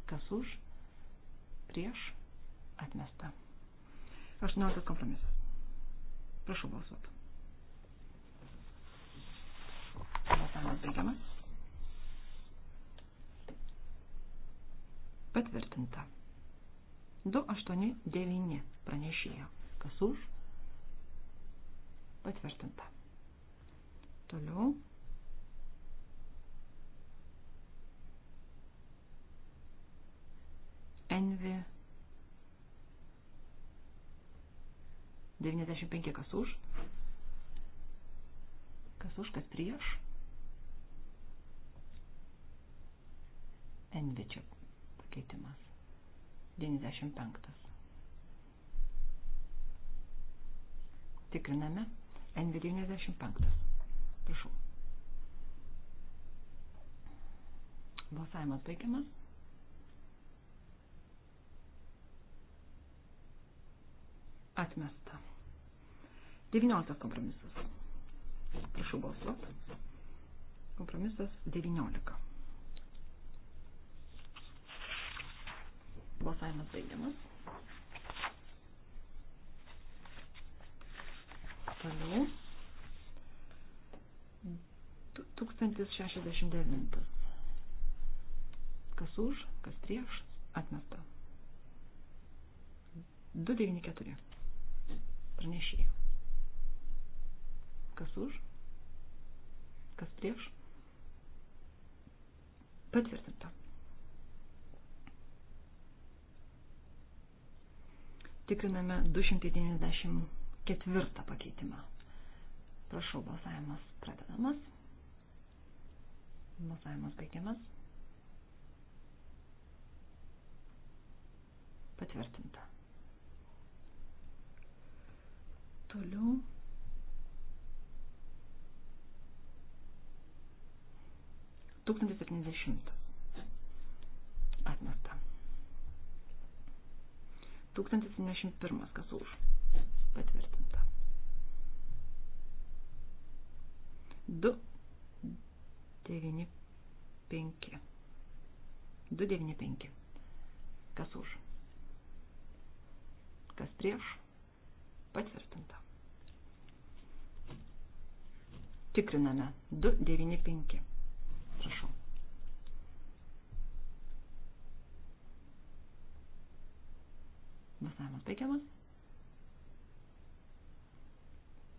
Kas už, prieš, atmesta. 18 kompromisas. Prašau balsuoti. Balsavimas baigiamas. Patvirtinta. 289 pranešėjo. Kas už? Patvirtinta. Toliau. Envi 95 kas už. Kas už, kas prieš. Envi čia pakeitimas. 95. Tikriname. Envi 95. Prašau. Balsavimas baigiamas. Atmesta. 19 kompromisas. Prašau balsuoti. Kompromisas 19. Balsavimas baigiamas. Toliau. 1069. Kas už, kas prieš, atmesta. 294. Pranešėjai. Kas už, kas prieš, patvirtinta. Tikriname 294 pakeitimą. Prašau, balsavimas pradedamas. Balsavimas baigiamas. Patvirtinta. Toliau. Tūkstantis septyniasdešimt. Atmesta. Tūkstantis septyniasdešimt pirmas. Kas už? Patvirtinta. Du 295. 295. Kas už? Kas prieš? Patvirtinta. Tikriname. 295. Prašau. Balsavimas baigiamas.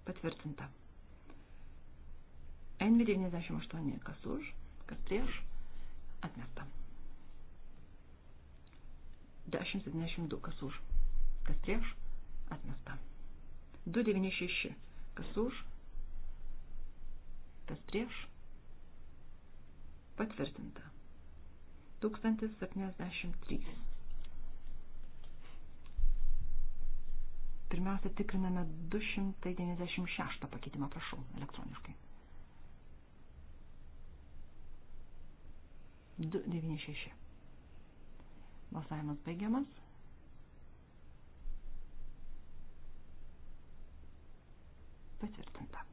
Patvirtinta. N98, kas už, kas prieš, atmesta. 1072, kas už, kas prieš, atmesta. 296, kas už, kas prieš, patvirtinta. 1073. Pirmiausia, tikriname 296 pakeitimą, prašau, elektroniškai. 296. Balsavimas baigiamas. Patvirtinta.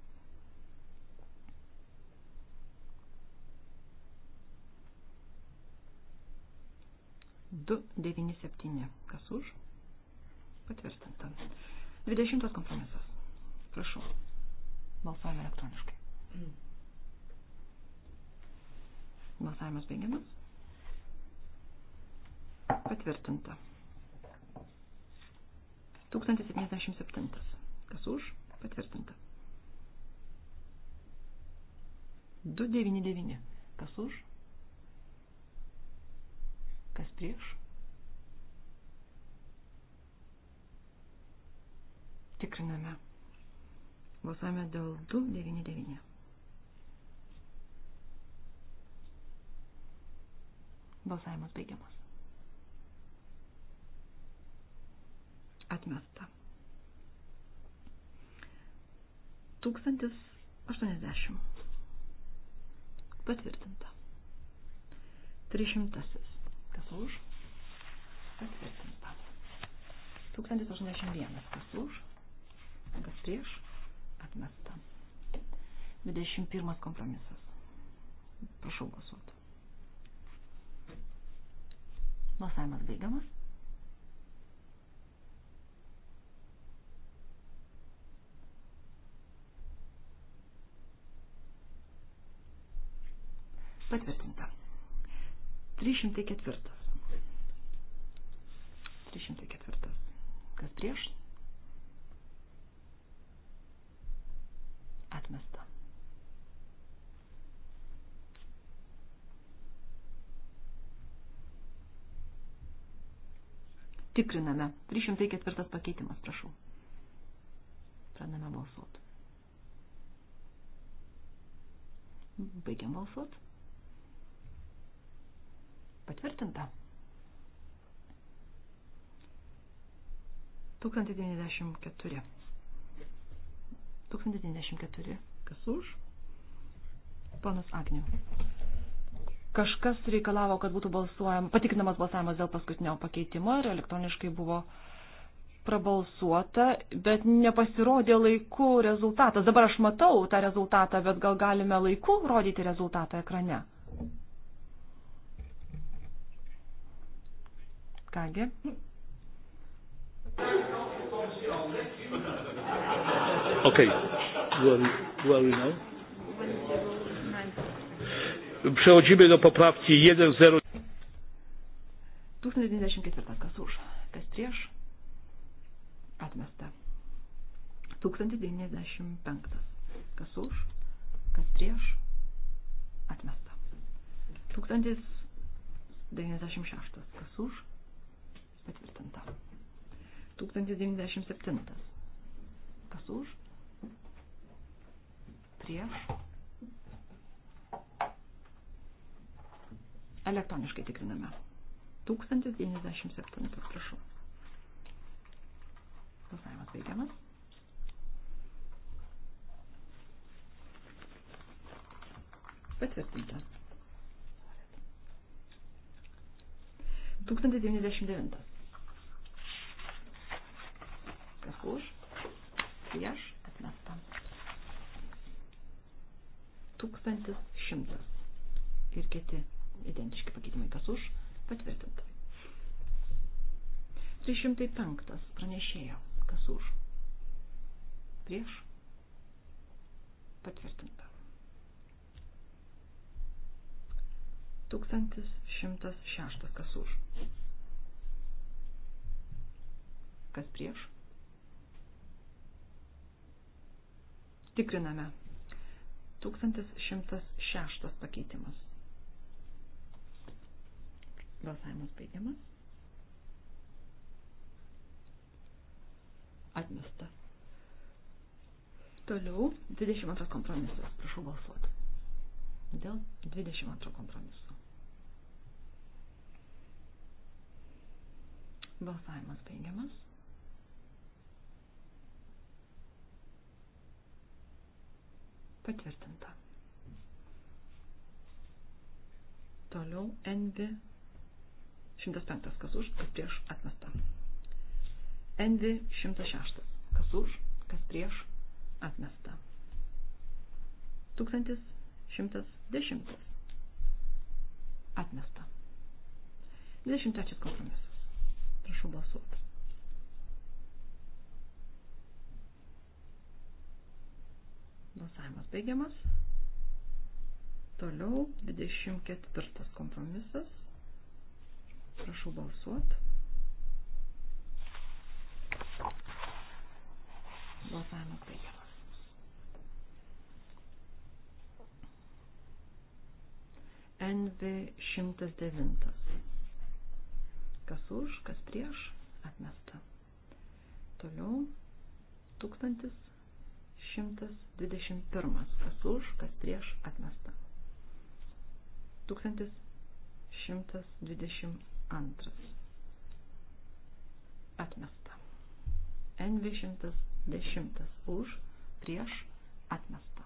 Du devyni septyni. Kas už? Patvirtinta. Dvidešimtas kompromisas. Prašau. Balsavime elektroniškai. Mm. Balsavimas baigiamas. Patvirtinta. 1077. Kas už? Patvirtinta. 299. Kas už? Kas prieš? Tikriname. Balsavime dėl 299. Balsavimas baigiamas. Atmesta. 1080. Patvirtinta. 300. Kas už? Patvirtinta. 1081. Kas už? Kas prieš? Atmesta. 21 kompromisas. Prašau balsuoti. Balsavimas baigiamas. Patvirtinta. 304. 304. Kas prieš? Atmesta. tikriname. 304 pakeitimas, prašau. Pradame balsuoti. Baigiam balsuoti. Patvirtinta. 1094. 1094. Kas už? Ponas Agniu kažkas reikalavo, kad būtų balsuojam, patikrinamas balsavimas dėl paskutinio pakeitimo ir elektroniškai buvo prabalsuota, bet nepasirodė laiku rezultatas. Dabar aš matau tą rezultatą, bet gal galime laiku rodyti rezultatą ekrane. Kągi. Okay. Where, where we now? Przechodzimy do poprawki 1.0. 1024. Kas už? Kas prieš? Atmesta. 1095. Kas už? Kas prieš? Atmesta. 1096. Kas už? Patvirtinta. 1097. Kas už? Prieš? Elektroniškai tikriname. 1097, prašau. Balsavimas baigiamas. Patvirtinta. 1099. Kas už? Prieš atmesta. 1100. Ir kiti Identiški pakeitimai kas už, patvirtinta. 305 pranešėjo kas už, prieš, patvirtinta. 1106 kas už. Kas prieš? Tikriname. 1106 pakeitimas. Balsavimas baigiamas. Atmesta. Toliau 22 kompromisas. Prašau balsuoti. Dėl 22 kompromiso. Balsavimas baigiamas. Patvirtinta. Toliau NB 105. Kas už, kas prieš, atmesta. Envi 106. Kas už, kas prieš, atmesta. 1110. Atmesta. 23 kompromisas. Prašau balsuoti. Balsavimas baigiamas. Toliau 24 kompromisas. Prašau balsuoti. Balsavimas baigiamas. NV 109. Kas už, kas prieš, atmesta. Toliau 1121. Kas už, kas prieš, atmesta. 1122 Atmesta. NV110 už, prieš, atmesta.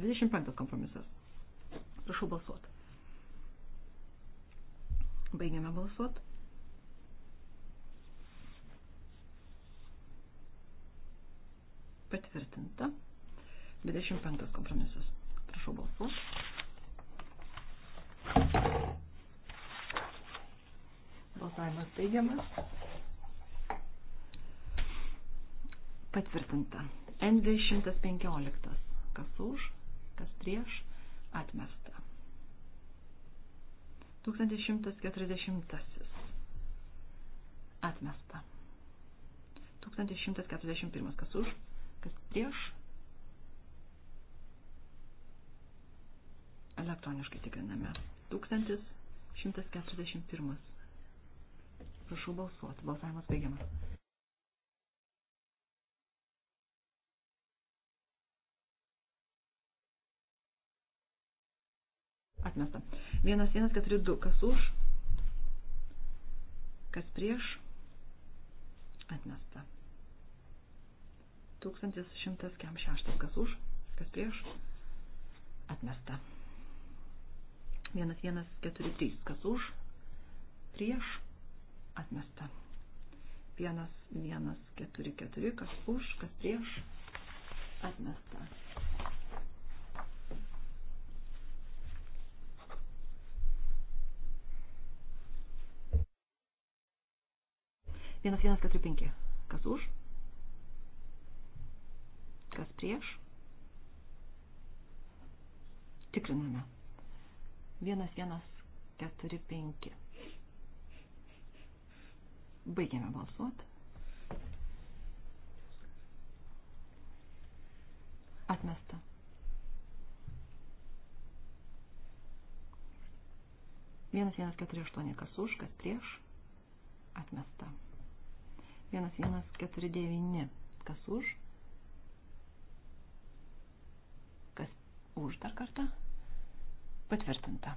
25 kompromisas. Prašau balsuoti. Baigiame balsuoti. Patvirtinta. 25 kompromisas. Prašau balsuoti. Balsavimas baigiamas. Patvirtinta. NV115. Kas už, kas prieš, atmesta. 1140. Atmesta. 1141. Kas už, kas prieš. Elektroniškai tikriname. 1141. Prašau balsuoti. Balsavimas baigiamas. Atmesta. 1142. Kas už? Kas prieš? Atmesta. 1106. Kas už? Kas prieš? Atmesta. 1143. Kas už? Prieš? atmesta. Vienas, vienas, keturi, keturi, kas už, kas prieš, atmesta. Vienas, vienas, keturi, penki, kas už, kas prieš, tikriname. Vienas, vienas, keturi, penki. Baigiame balsuoti. Atmesta. Vienas, vienas, keturi, aštuoni, kas už, kas prieš. Atmesta. Vienas, vienas, keturi, devyni, kas už. Kas už dar kartą. Patvirtinta.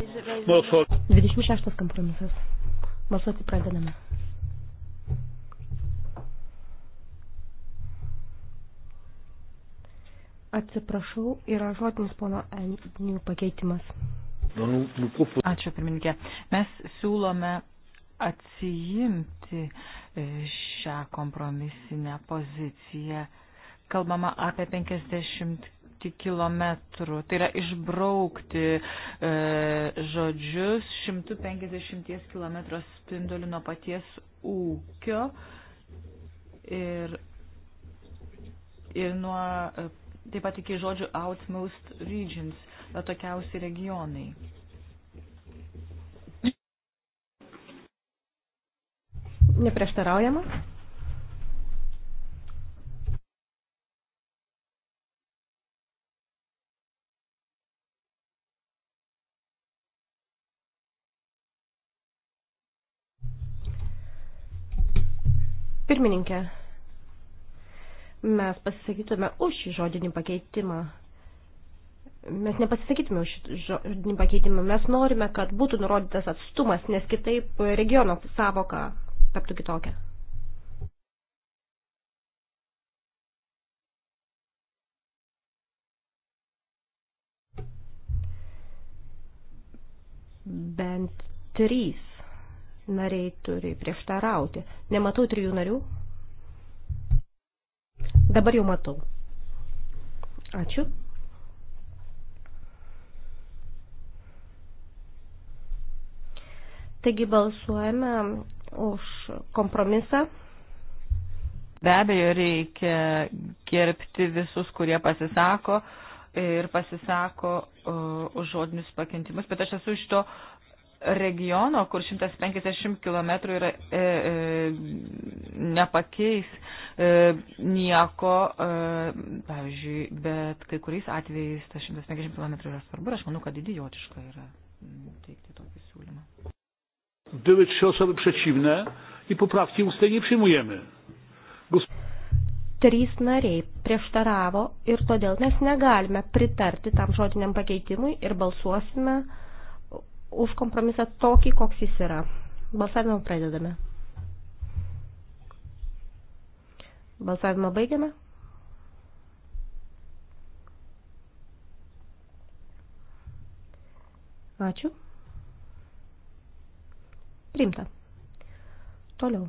26 kompromisas. Balsuoti pradedame. Atsiprašau, yra žodinis pono Enijų pakeitimas. Nu, nu, nu, Ačiū, pirmininkė. Mes siūlome atsijimti e, šią kompromisinę poziciją. Kalbama apie 50 120 km. Tai yra išbraukti e, žodžius 150 km spinduliu nuo paties ūkio ir, ir nuo e, taip pat iki žodžių outmost regions, atokiausi regionai. Neprieštaraujama? Pirmininkė, mes pasisakytume už šį žodinį pakeitimą. Mes nepasisakytume už šį žodinį pakeitimą. Mes norime, kad būtų nurodytas atstumas, nes kitaip regiono savoka taptų kitokia. Bent trys nariai turi prieštarauti. Nematau trijų narių? Dabar jau matau. Ačiū. Taigi balsuojame už kompromisą. Be abejo, reikia gerbti visus, kurie pasisako ir pasisako uh, už žodinius pakentimus, bet aš esu iš to regiono, kur 150 km yra, e, e, nepakeis e, nieko, e, pavyzdžiui, bet kai kuriais atvejais tas 150 km yra svarbu ir aš manau, kad idiotiška yra mm, teikti tokį siūlymą. Były trzy osoby przeciwne i poprawki ustnej nie przyjmujemy. Gos... Trys nariai prieštaravo ir todėl mes negalime pritarti tam žodiniam pakeitimui ir balsuosime uh, už kompromisą tokį, koks jis yra. Balsavimą pradedame. Balsavimą baigiame. Ačiū. Priimta. Toliau.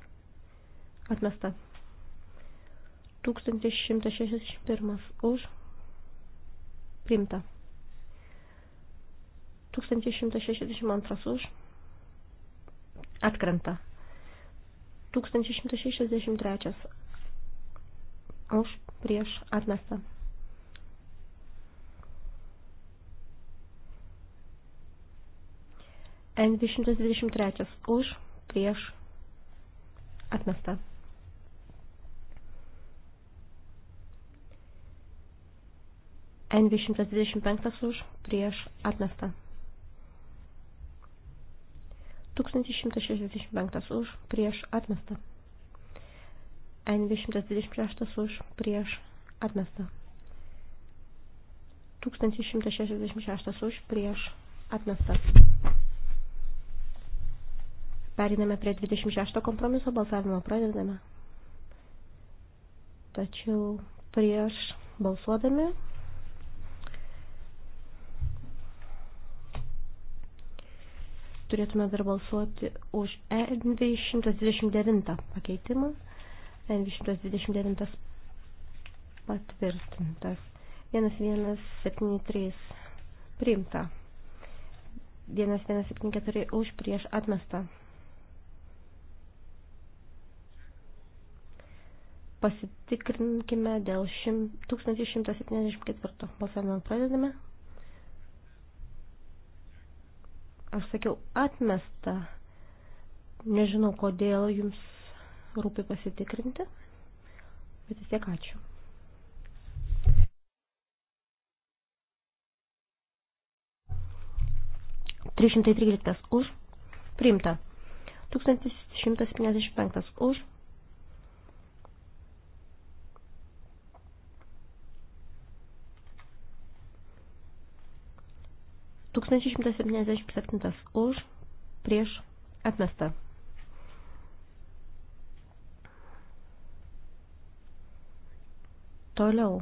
Atmesta. 1161 už. Priimta. 1162 už. Atkrenta. 1163 už prieš atmestą. N223 už prieš atmestą. N225 už prieš atmestą. 1165 už prieš atmestą. N226 už prieš atmestą. 1166 už prieš atmestą. Periname prie 26 kompromiso balsavimo, pradedame. Tačiau prieš balsuodami turėtume dar balsuoti už E229 pakeitimą. E229 patvirtintas. 1173 priimta. 1174 už prieš atmestą. Pasitikrinkime dėl 1174. Balsavimą pradedame. Aš sakiau, atmesta. Nežinau, kodėl jums rūpi pasitikrinti, bet vis tiek ačiū. Trišimtai tryliktas už. Priimta. 1155 už 1177 už, prieš, atmesta. Toliau.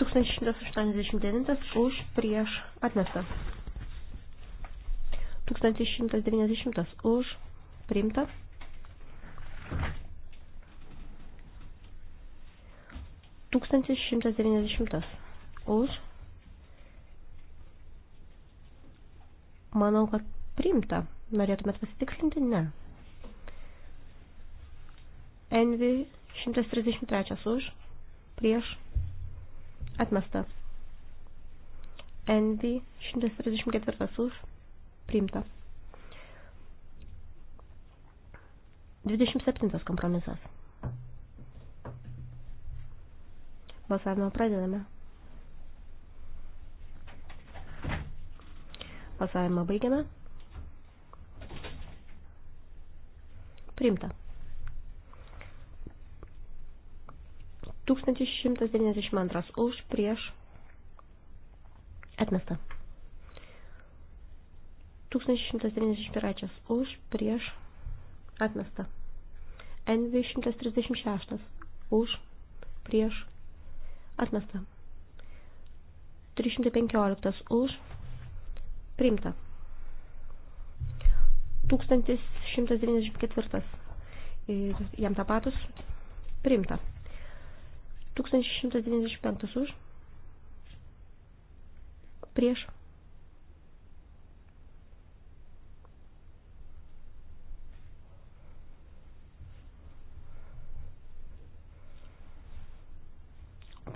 Tūkstantis šimtas aštuoniasdešimt devintas už prieš atmestą. Tūkstantis šimtas devyniasdešimtas už priimta. Tūkstantis šimtas devyniasdešimtas už. Manau, kad priimta. Norėtumėt pasitikslinti? Ne. Envi 133 už. Prieš. Atmesta. Envi 134 už. Priimta. 27 kompromisas. Balsavimą pradedame. Balsavimą baigiame. Priimta. 1192 už prieš atmesta. 1193 už prieš atmesta. Atmesta. NV 136. Už. Prieš. Atmesta. 315. Už. Primta. 1194. Ir jam tą patus. Primta. 1195. Už. Prieš.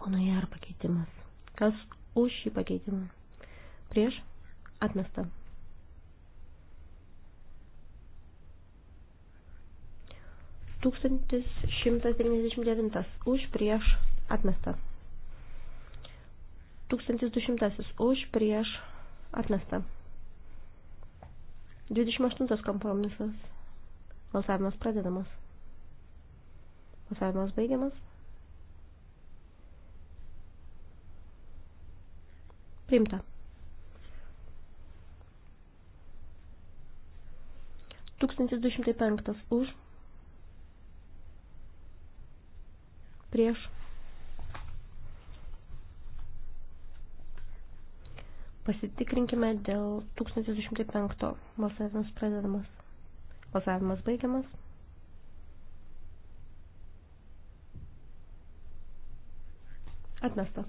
pono Jar pakeitimas. Kas už šį pakeitimą? Prieš atmestą. Tūkstantis šimtas devyniasdešimt devintas už prieš atmestą. Tūkstantis du šimtasis už prieš atmestą. Dvidešimt aštuntas kompromisas. Balsavimas pradedamas. Balsavimas baigiamas. Priimta. Tūkstantis du šimtai penktas už. Prieš. Pasitikrinkime dėl 1205 balsavimas pradedamas. Balsavimas baigiamas. Atmesta.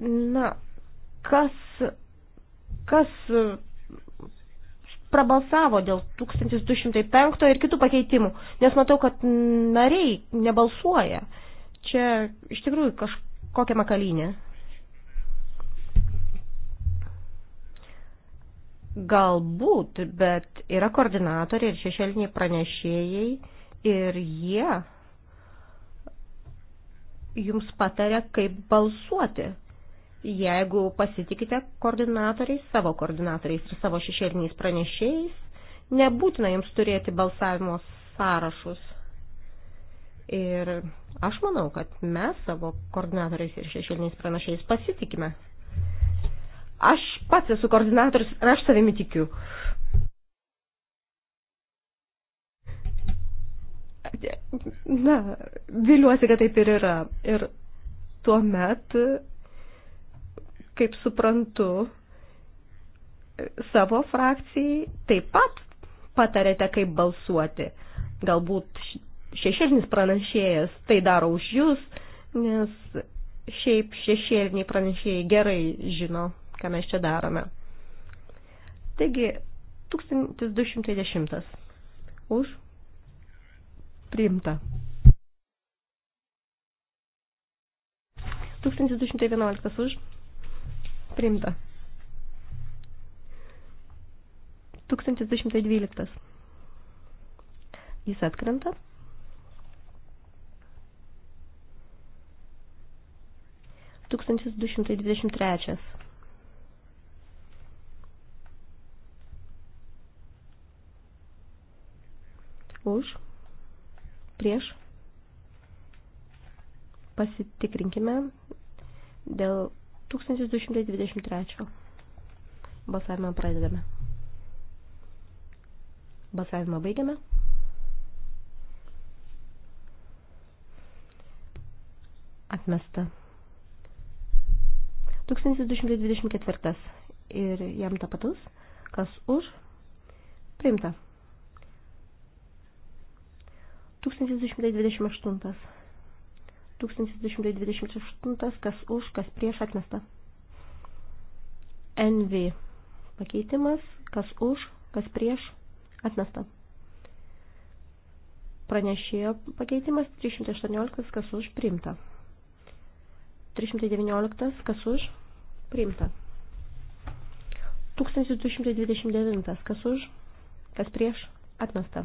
Na, kas, kas prabalsavo dėl 1205 ir kitų pakeitimų, nes matau, kad nariai nebalsuoja. Čia iš tikrųjų kažkokia makalynė. Galbūt, bet yra koordinatoriai ir šešėliniai pranešėjai ir jie jums patarė, kaip balsuoti. Jeigu pasitikite koordinatoriais, savo koordinatoriais ir savo šešėliniais pranešėjais, nebūtina jums turėti balsavimo sąrašus. Ir aš manau, kad mes savo koordinatoriais ir šešėliniais pranašiais pasitikime. Aš pats esu koordinatorius ir aš savimi tikiu. Na, viliuosi, kad taip ir yra. Ir tuomet kaip suprantu, savo frakcijai taip pat patarėte, kaip balsuoti. Galbūt šešėlinis pranešėjas tai daro už jūs, nes šiaip šešėliniai pranešėjai gerai žino, ką mes čia darome. Taigi, 1210 už priimta. 1211 už Primta. 1212. Jis atkrenta. Tūkstantis du šimtai dvidešimt trečias. Už. Prieš. Pasitikrinkime dėl 1223. Balsavimą pradedame. Balsavimą baigiame. Atmesta. 1224. Ir jam tapatus. Kas už? Priimta. 1228. 1228, kas už, kas prieš atmesta. NV pakeitimas, kas už, kas prieš atmesta. Pranešėjo pakeitimas 318, kas už, priimta. 319, kas už, priimta. 1229, kas už, kas prieš atmesta.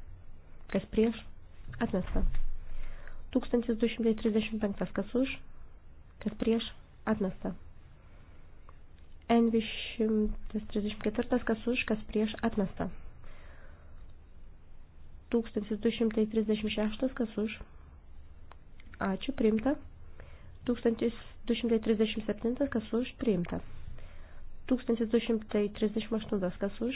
kas prieš, atmesta. 1235, kas už, kas prieš, atmesta. Envi 134, kas už, kas prieš, atmesta. 1236, kas už. Ačiū, priimta. 1237, kas už, priimta. 1238, kas už,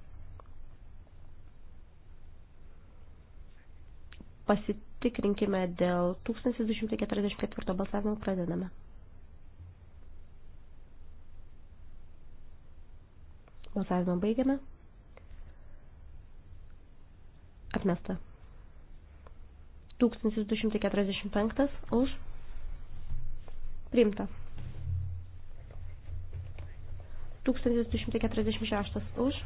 Pasitikrinkime dėl 1244 balsavimo pradedame. Balsavimą baigiame. Atmesta. 1245 už. Priimta. 1246 už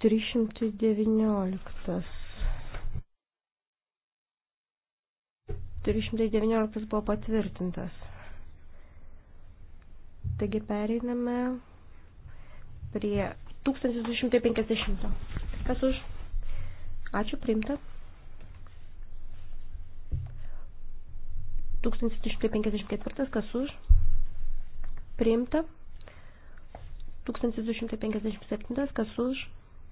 319. 319 buvo patvirtintas. Taigi pereiname prie 1250. Kas už? Ačiū, priimta. 1254. Kas už? Priimta. 1257. Kas už?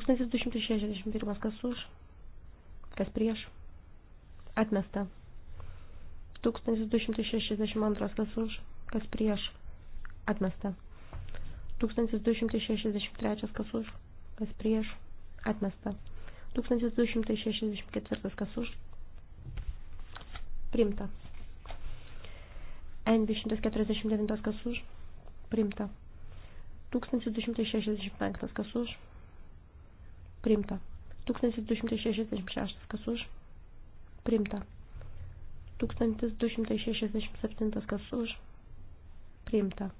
1261 kas už, kas prieš, atmesta. 1262 kas už, kas prieš, atmesta. 1263 kas už, kas prieš, atmesta. 1264 kas už, primta. N249 kas už, primta. 1265 kas už, Primta. 1266 kas už. Primta. 1267 kas už. Priimta.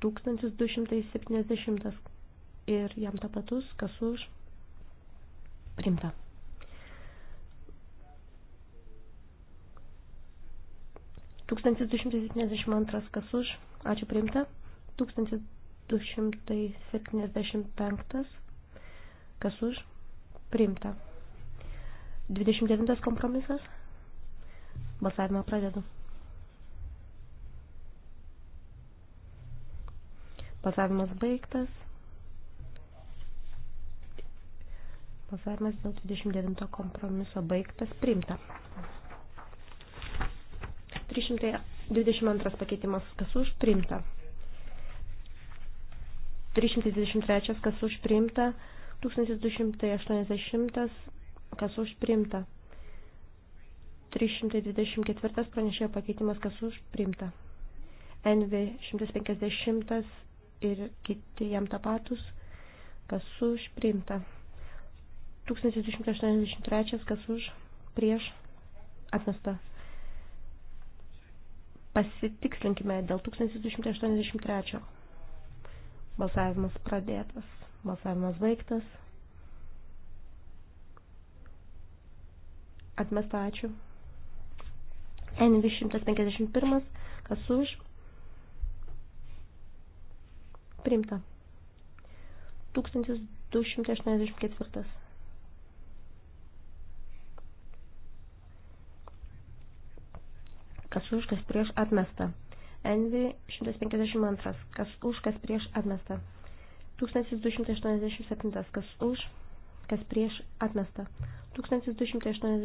1270 ir jam tapatus kas už. Priimta. 1272 kas už. Ačiū priimta. 1273 275. Kas už? Priimta. 29 kompromisas. Balsavimą pradedu. Balsavimas baigtas. Balsavimas dėl 29 kompromiso baigtas. Priimta. 322 pakeitimas. Kas už? Priimta. 323, kas už priimta, 1280, kas už priimta. 324 pranešėjo pakeitimas, kas už priimta. NV 150 ir kiti jam tapatus, kas už priimta. 1283, kas už prieš atmesta. Pasitikslinkime dėl 1283. Balsavimas pradėtas. Balsavimas baigtas. Atmesta ačiū. N251. Kas už? Primta. 1284. Kas už, kas prieš atmesta. Envi 152, kas už, kas prieš atmesta. 1287, kas už, kas prieš atmesta. 1288,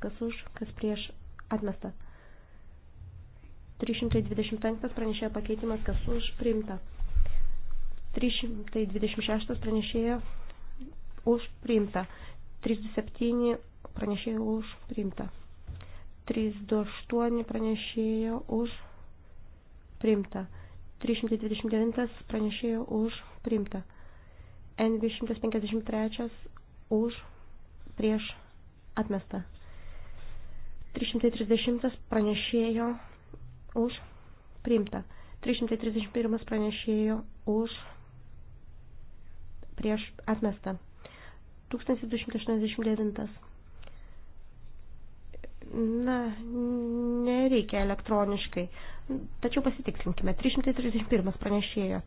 kas už, kas prieš atmesta. 325 pranešėjo pakeitimas, kas už priimta. 326 pranešėjo už priimta. 37 pranešėjo už priimta. 328 pranešėjo už priimta priimta. 329 pranešėjo už priimta. N253 už prieš atmesta. 330 pranešėjo už priimta. 331 pranešėjo už prieš atmestą. 1289. Na, nereikia elektroniškai tačiau pasitikslinkime. 331 pranešėjo.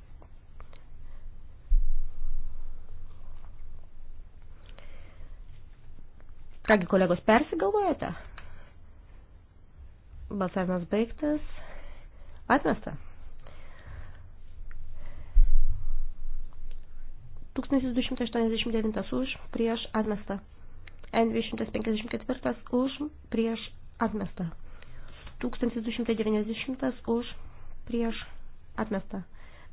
Kągi kolegos, persigalvojate? Balsavimas baigtas. Atmesta. 1289 už, prieš atmestą. N254 už, prieš atmestą. 1290 už prieš atmestą.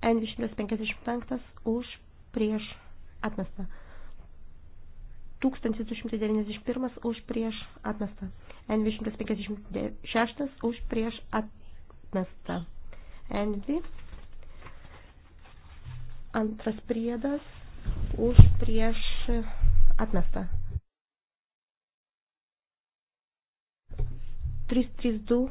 N255 už prieš atmestą. 1291 už prieš atmestą. N256 už prieš atmestą. N2 antras priedas už prieš atmestą. 332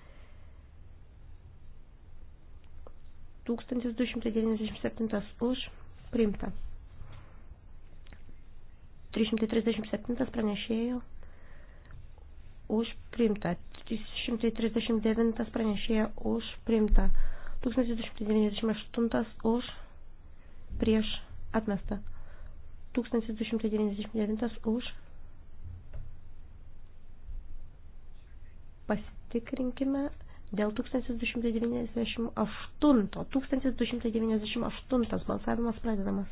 1297 už priimta. 337 pranešėjo už priimta. 339 pranešėjo už priimta. 1298 už prieš atmesta. 1299 už pasitikrinkime Dėl 1298, 1298 balsavimas pradedamas.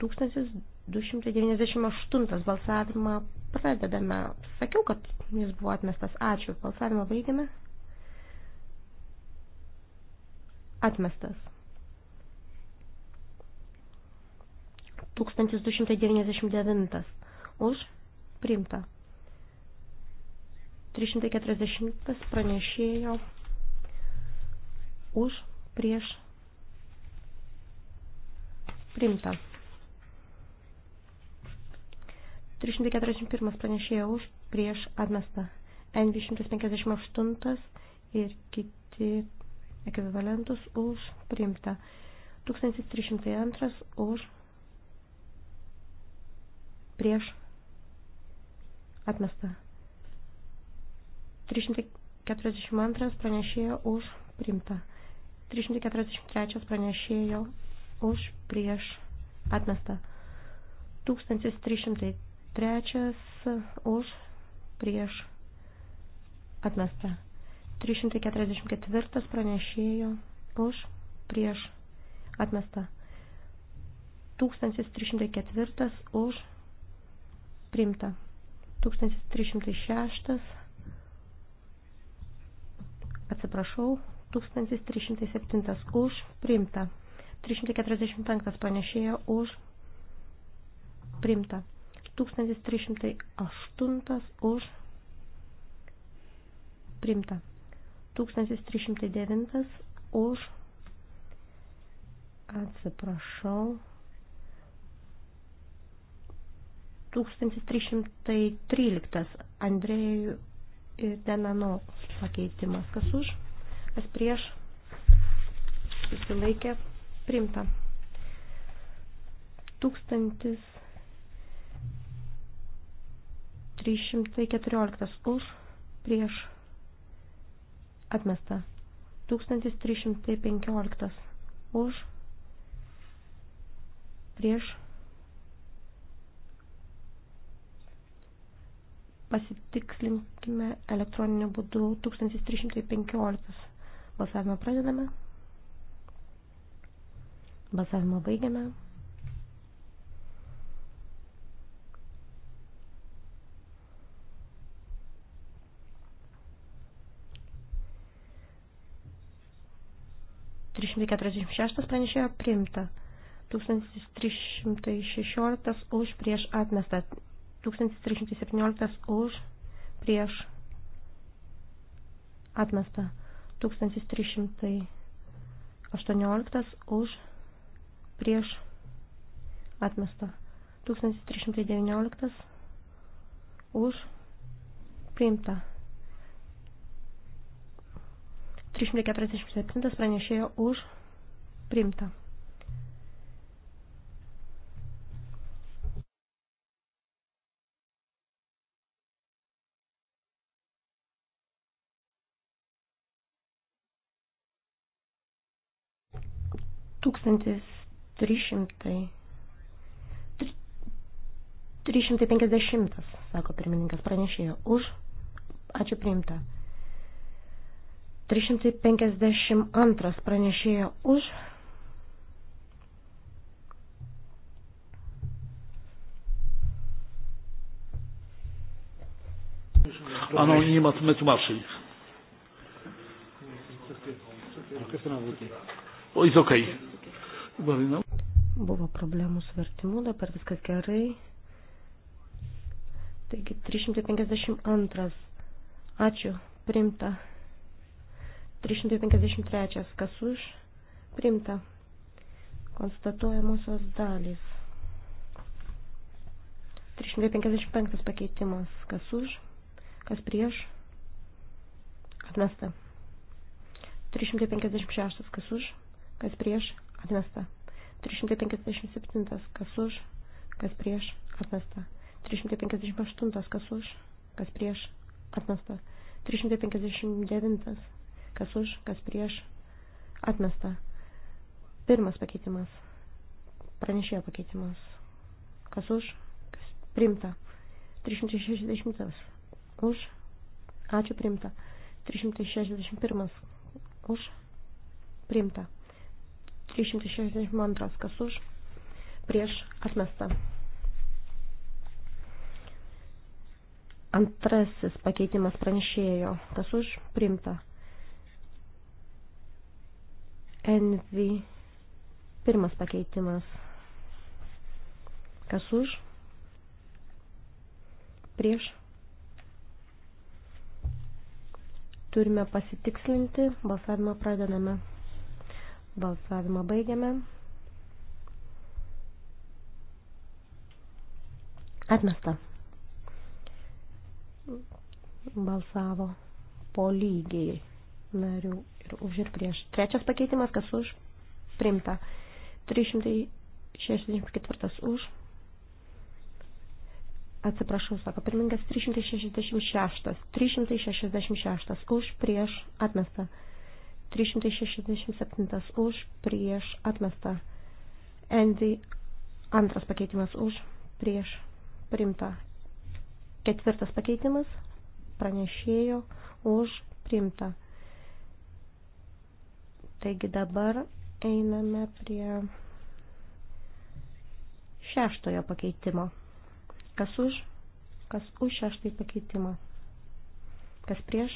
1298 balsavimą pradedame. Sakiau, kad jis buvo atmestas. Ačiū. Balsavimą baigiame. Atmestas. 1299 už priimta. 340 pranešėjo už prieš primta. 341 pranešėjo už prieš atmestą. N258 ir kiti ekvivalentus už priimta. 1302 už prieš atmestą. 342 pranešėjo už primta. 343 pranešėjo už prieš atmestą. 1303 už prieš atmestą. 344 pranešėjo už prieš atmestą. 1304 už primta. 1306 atsiprašau, 1307 už priimta. 345 panešėjo už priimta. 1308 už priimta. 1309 už atsiprašau. 1313 Andrėjui ir Denano pakeitimas. Kas už, kas prieš, susilaikė, primta. 1314 už, prieš, atmesta. 1315 už, prieš, atmesta pasitikslinkime elektroniniu būdu 1315. Balsavimą pradedame. Balsavimą baigiame. šeštas pranešėjo priimta. 1316 už prieš atmestą 1317 už, prieš, atmesta. 1318 už, prieš, atmesta. 1319 už, priimta. 347 pranešėjo už, priimta. 1300. 350, sako pirmininkas pranešėjo, už, ačiū priimta. 352 pranešėjo už. Ano, nie ma tłumaczeń. O, jest okej. Okay. Buvo problemų su vertimu, dabar viskas gerai. Taigi 352. Ačiū, primta. 353. Kas už? Primta. Konstatuojamosios dalys. 355 pakeitimas. Kas už? Kas prieš? Atmesta. 356. Kas už? Kas prieš? atmesta. 357 kas už, kas prieš, atmesta. 358 kas už, kas prieš, atmesta. 359 kas už, kas prieš, atmesta. Pirmas pakeitimas. Pranešėjo pakeitimas. Kas už, kas primta. 360 už, ačiū primta. 361 už, primta. 362 kas už, prieš atmesta. Antrasis pakeitimas pranešėjo, kas už, primta. NV, pirmas pakeitimas, kas už, prieš. Turime pasitikslinti, balsavimą pradedame. Balsavimą baigiame. Atmesta. Balsavo po lygiai narių ir už ir prieš. Trečias pakeitimas, kas už, primta. 364 už. Atsiprašau, sako pirmingas, 366. 366 už, prieš, atmesta. 367 už prieš atmestą. Envy antras pakeitimas už prieš primtą. Ketvirtas pakeitimas pranešėjo už primtą. Taigi dabar einame prie šeštojo pakeitimo. Kas už? Kas už šeštąjį pakeitimą? Kas prieš?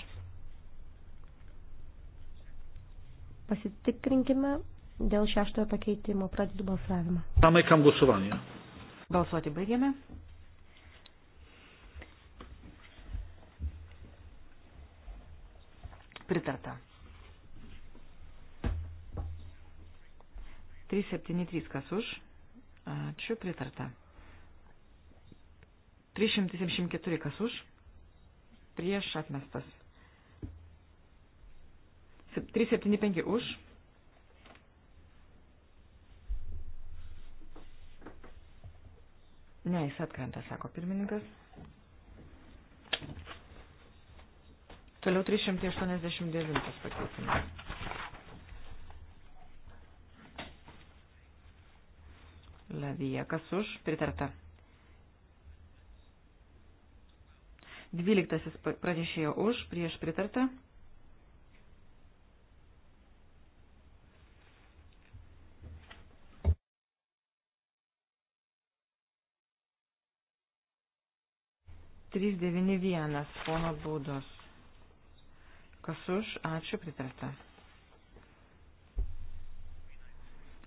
Pasitikrinkime dėl šeštojo pakeitimo. Pradedu balsavimą. Pamaikam gusuvanie. Balsuoti baigėme. Pritarta. 373 kas už. Ačiū, pritarta. 374 kas už. Prieš atmestas. 375 už. Ne, jis atkrenta, sako pirmininkas. Toliau 389 pakeitimas. Lavija, kas už? Pritarta. 12 pranešėjo už, prieš pritarta. 391 pono būdos. Kas už? Ačiū, pritarta.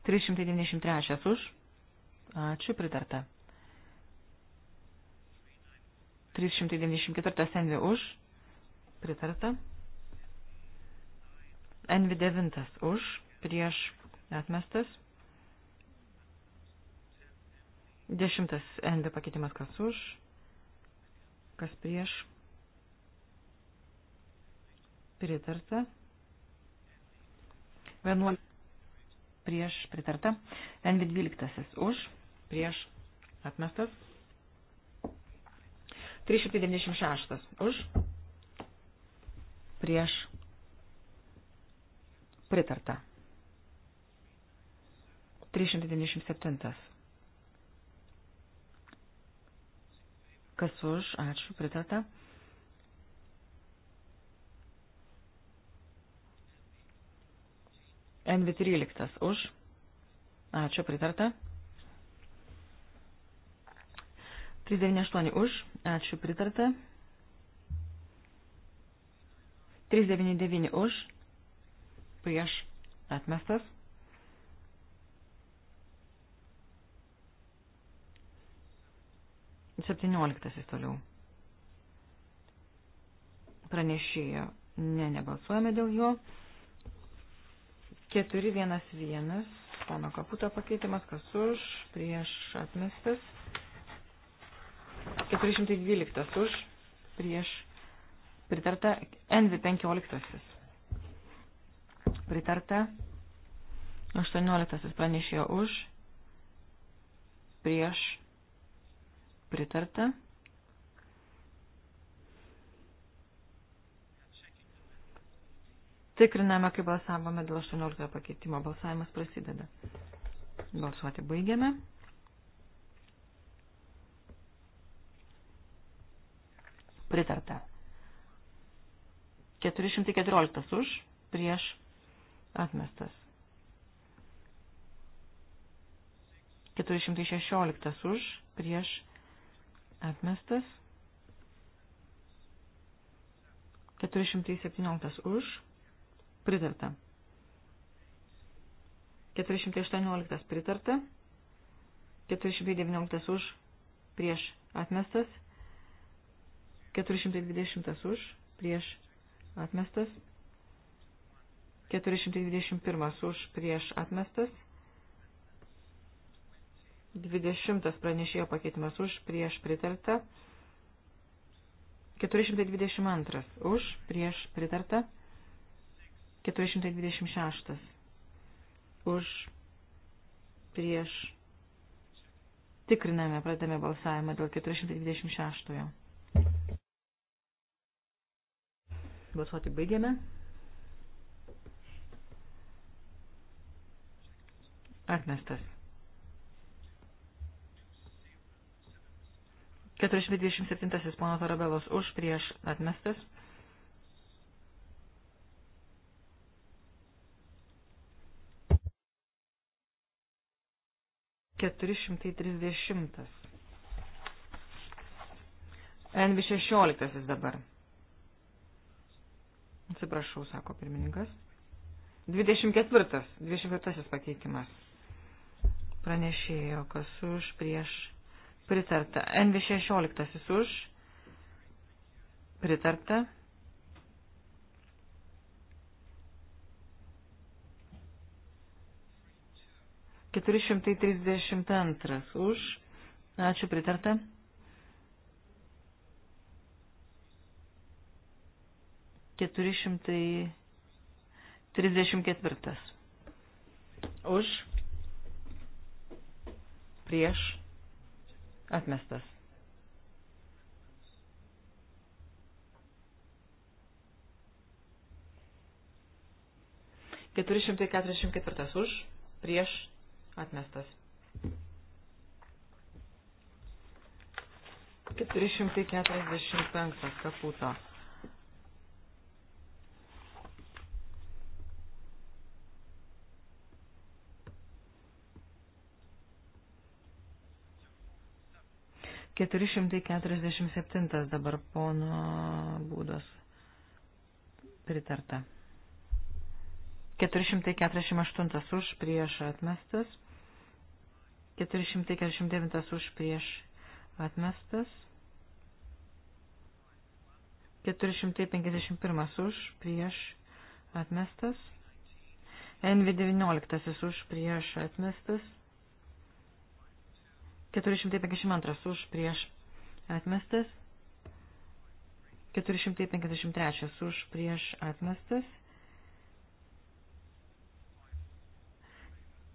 393 už. Ačiū, pritarta. 394 envi už. Pritarta. Envi 9 už. Prieš atmestas. 10 envi pakeitimas kas už kas prieš, pritarta. 11 prieš pritarta, N12 už, prieš atmestas, 396 už, prieš pritarta, 397 Kas už? Ačiū, pritarta. NV13 už. Ačiū, pritarta. 398 už. Ačiū, pritarta. 399 už. Prieš atmestas. 17 toliau. Pranešėjo. Ne, nebalsuojame dėl jo. 411. Pono kaputo pakeitimas. Kas už? Prieš atmestas. 412 už. Prieš. Pritarta. NV 15. Pritarta. 18 pranešėjo už. Prieš pritarta. Tikriname, kaip balsavome dėl 18 pakeitimo. Balsavimas prasideda. Balsuoti baigiame. Pritarta. 414 už, prieš, atmestas. 416 už, prieš, atmestas. Atmestas. 417 už. Pritarta. 418 pritarta. 419 už. Prieš. Atmestas. 420 už. Prieš. Atmestas. 421 už. Prieš. Atmestas. 20 pranešėjo pakeitimas už, prieš pritarta. 422 už, prieš pritarta. 426 už, prieš. Tikriname, pradame balsavimą dėl 426. Balsuoti baigiame. Atmestas. 427 pono Tarabelos už prieš atmestas. Keturi šimtai trisdešimtas. NV šešioliktasis dabar. Atsiprašau, sako pirmininkas. Dvidešimt ketvirtas. Dvidešimt ketvirtasis pakeitimas. Pranešėjo, kas už prieš Pritarta. NV16 už. Pritarta. Keturi šimtai trisdešimt antras už. Ačiū pritarta. Keturi šimtai trisdešimt ketvirtas. Už. Prieš Atmestas. Keturi šimtai keturiasdešimt ketvirtas už, prieš, atmestas. Keturi šimtai keturiasdešimt penktas kaputo 447 dabar pono būdos pritarta. 448 už prieš atmestas. 449 už prieš atmestas. 451 už prieš atmestas. NV19 už prieš atmestas. 452 už prieš atmestas, 453 už prieš atmestas,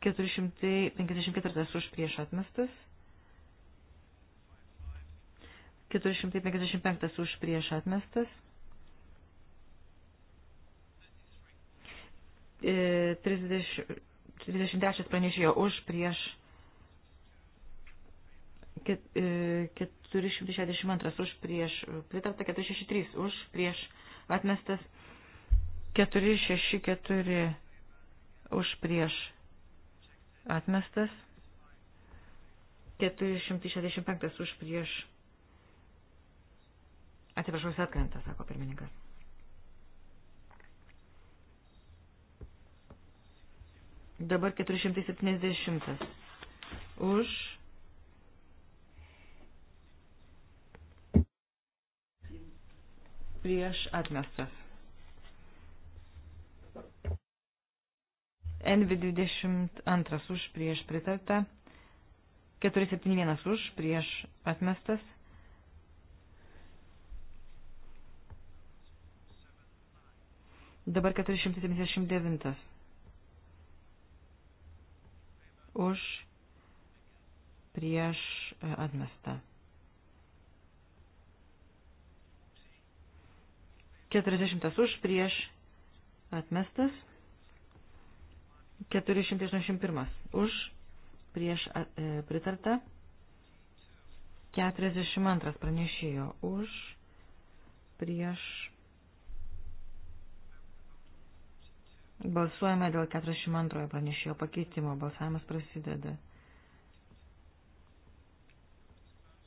454 už prieš atmestas, 455 už prieš atmestas, 30, e, 36 pranešėjo už prieš atmestas. 462 e, už prieš, pritarta 463 už prieš, atmestas 464 už prieš, atmestas 465 už prieš. Atsiprašau, jis atkrenta, sako pirmininkas. 470. Dabar 470. Už prieš atmestas. NV22 už prieš pritarta, 471 už prieš atmestas, 479. Dabar 479. Už prieš atmestą. 40 už prieš atmestas. 481 už prieš e, pritarta. 42 pranešėjo už prieš. Balsuojame dėl 42 pranešėjo pakeitimo. Balsavimas prasideda.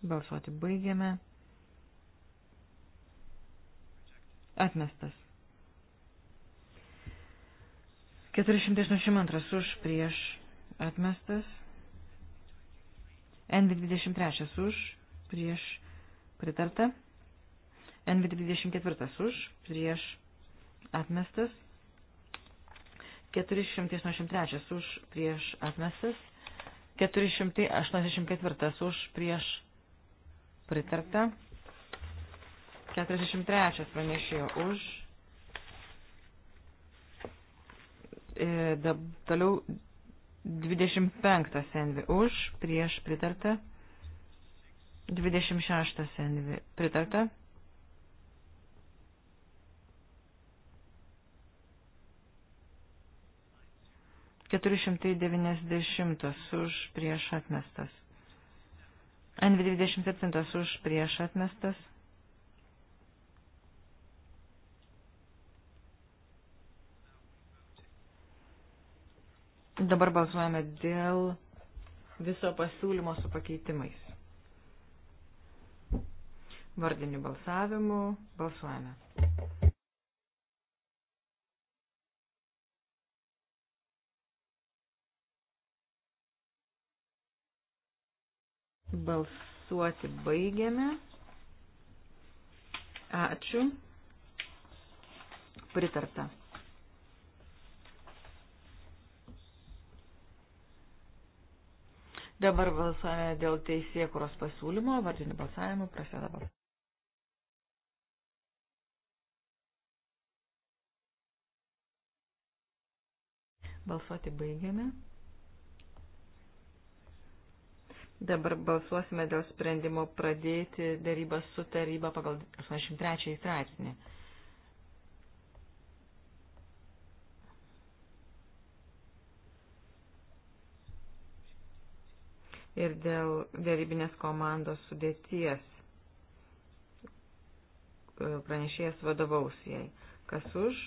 Balsuoti baigiame. atmestas. 482 už prieš atmestas. NV23 už prieš pritarta. NV24 už prieš atmestas. 483 už prieš atmestas. 484 už prieš pritarta. 43 pranešėjo už. E, toliau 25 senvi už, prieš pritarta. 26 senvi pritarta. Keturi šimtai devyniasdešimtas už prieš atmestas. N27 už prieš atmestas. Dabar balsuojame dėl viso pasiūlymo su pakeitimais. Vardiniu balsavimu balsuojame. Balsuoti baigiame. Ačiū. Pritarta. Dabar balsuojame dėl teisėkuros pasiūlymo, vardinių balsavimų, prasideda balsavimas. Balsuoti baigiame. Dabar balsuosime dėl sprendimo pradėti darybą su taryba pagal 83 straipsnį. ir dėl dėrybinės komandos sudėties. E, pranešėjas vadovaus jai. Kas už?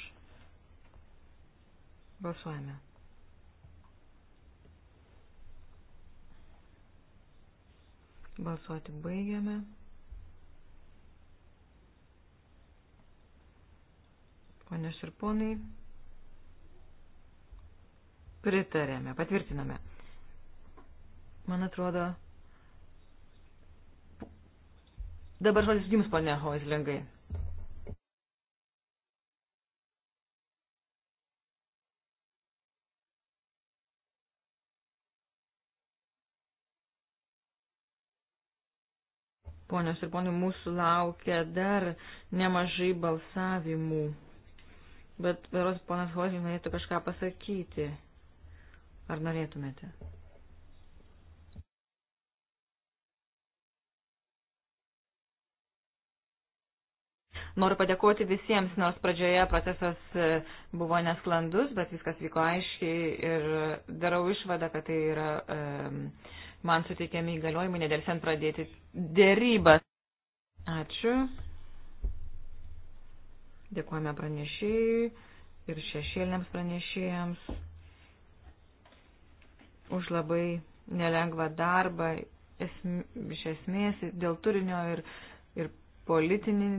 Balsuojame. Balsuoti baigiame. Ponios ir ponai, pritarėme, patvirtiname. Man atrodo, dabar žodis jums, ponia Hoizlingai. Ponios ir ponių, mūsų laukia dar nemažai balsavimų. Bet, veros, ponas Hozin norėtų kažką pasakyti. Ar norėtumėte? Noriu padėkoti visiems, nors pradžioje procesas e, buvo nesklandus, bet viskas vyko aiškiai ir darau išvadą, kad tai yra e, man suteikiami įgaliojimai nedelsiant pradėti dėrybas. Ačiū. Dėkojame pranešėjai ir šešėliniams pranešėjams už labai nelengvą darbą esm, iš esmės dėl turinio ir, ir politinį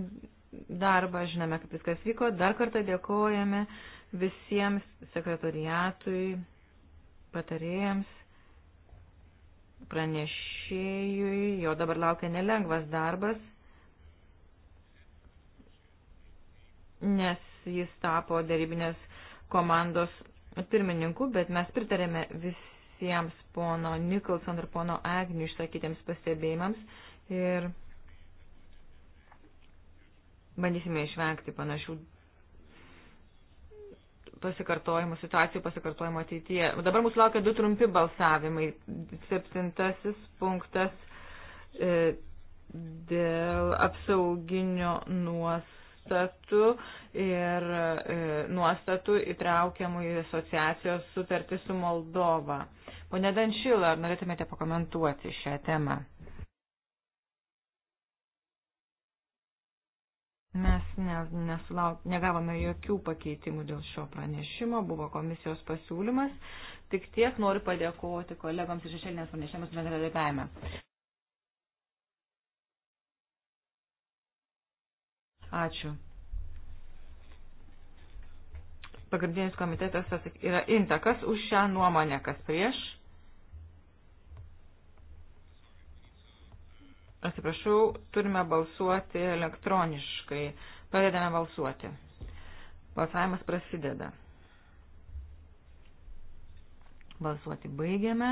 darbą, žinome, kaip viskas vyko. Dar kartą dėkojame visiems sekretariatui, patarėjams, pranešėjui, jo dabar laukia nelengvas darbas, nes jis tapo darybinės komandos pirmininku, bet mes pritarėme visiems pono Nikolson ir pono Agnių išsakytiems pastebėjimams ir bandysime išvengti panašių pasikartojimų, situacijų pasikartojimo ateityje. Dabar mūsų laukia du trumpi balsavimai. Septintasis punktas e, dėl apsauginio nuostatų ir e, nuostatų įtraukiamų į asociacijos sutartį su Moldova. Pone Danšila, ar norėtumėte pakomentuoti šią temą? Mes ne, nesulauk, negavome jokių pakeitimų dėl šio pranešimo, buvo komisijos pasiūlymas. Tik tiek noriu padėkoti kolegams iš šešėlinės pranešėmus bendradarbiavime. Ačiū. Pagrindinis komitetas yra intakas už šią nuomonę, kas prieš. Atsiprašau, turime balsuoti elektroniškai. Pradedame balsuoti. Balsavimas prasideda. Balsuoti baigiame.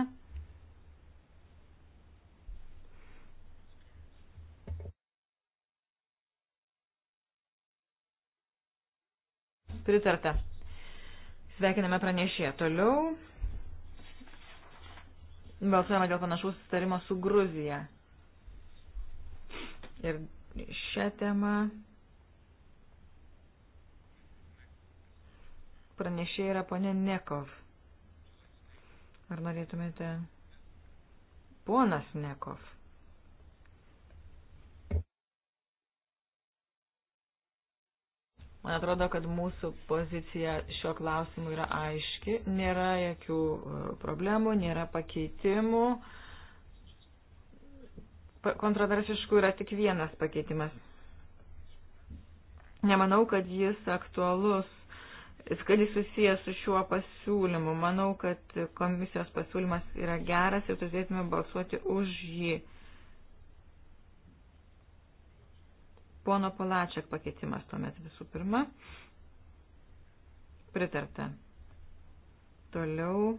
Pritarta. Sveikiname pranešėją toliau. Balsuojame dėl panašaus sustarimo su Gruzija ir šią temą pranešė yra ponė Nekov. Ar norėtumėte ponas Nekov? Man atrodo, kad mūsų pozicija šio klausimu yra aiški, nėra jokių e, problemų, nėra pakeitimų. Uh, kontroversiškų yra tik vienas pakeitimas. Nemanau, kad jis aktualus, kad jis susijęs su šiuo pasiūlymu. Manau, kad komisijos pasiūlymas yra geras ir turėtume balsuoti už jį. Pono Palačiak pakeitimas tuomet visų pirma. Pritarta. Toliau.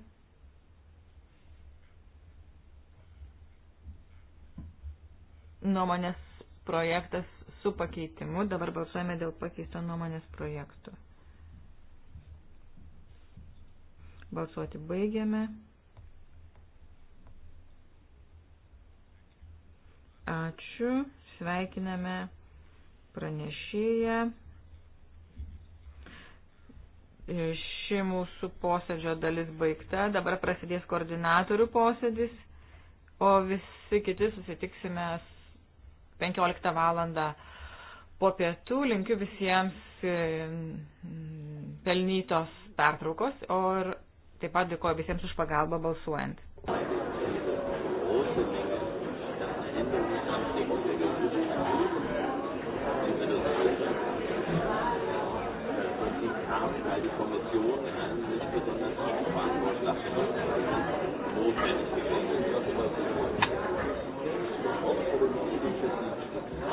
nuomonės projektas su pakeitimu. Dabar balsuojame dėl pakeisto nuomonės projektų. Balsuoti baigiame. Ačiū. Sveikiname pranešėją. Ši mūsų posėdžio dalis baigta. Dabar prasidės koordinatorių posėdis, o visi kiti susitiksime 15 valandą po pietų. Linkiu visiems e, pelnytos pertraukos ir taip pat dėkoju visiems už pagalbą balsuojant.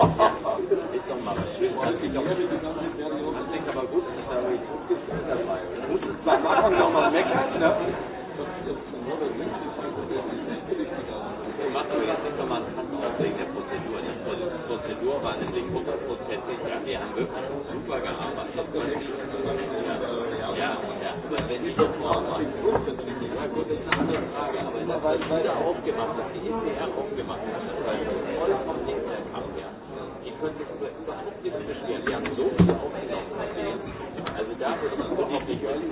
Jetzt nochmal was Schönes. Ich denke aber gut, dass da richtig gut ist dabei. Du musst es beim Anfang nochmal meckern, ne? Machen wir jetzt nicht nochmal einen Cut wegen der Prozedur. Die Prozedur war nämlich hundertprozentig. Wir haben wirklich super gearbeitet. Ja, ja. Aber wenn ich jetzt mal ja gut, das ist eine andere Frage, aber das wird wieder aufgemacht, dass die ECR aufgemacht hat. Also da würde ich überhaupt nicht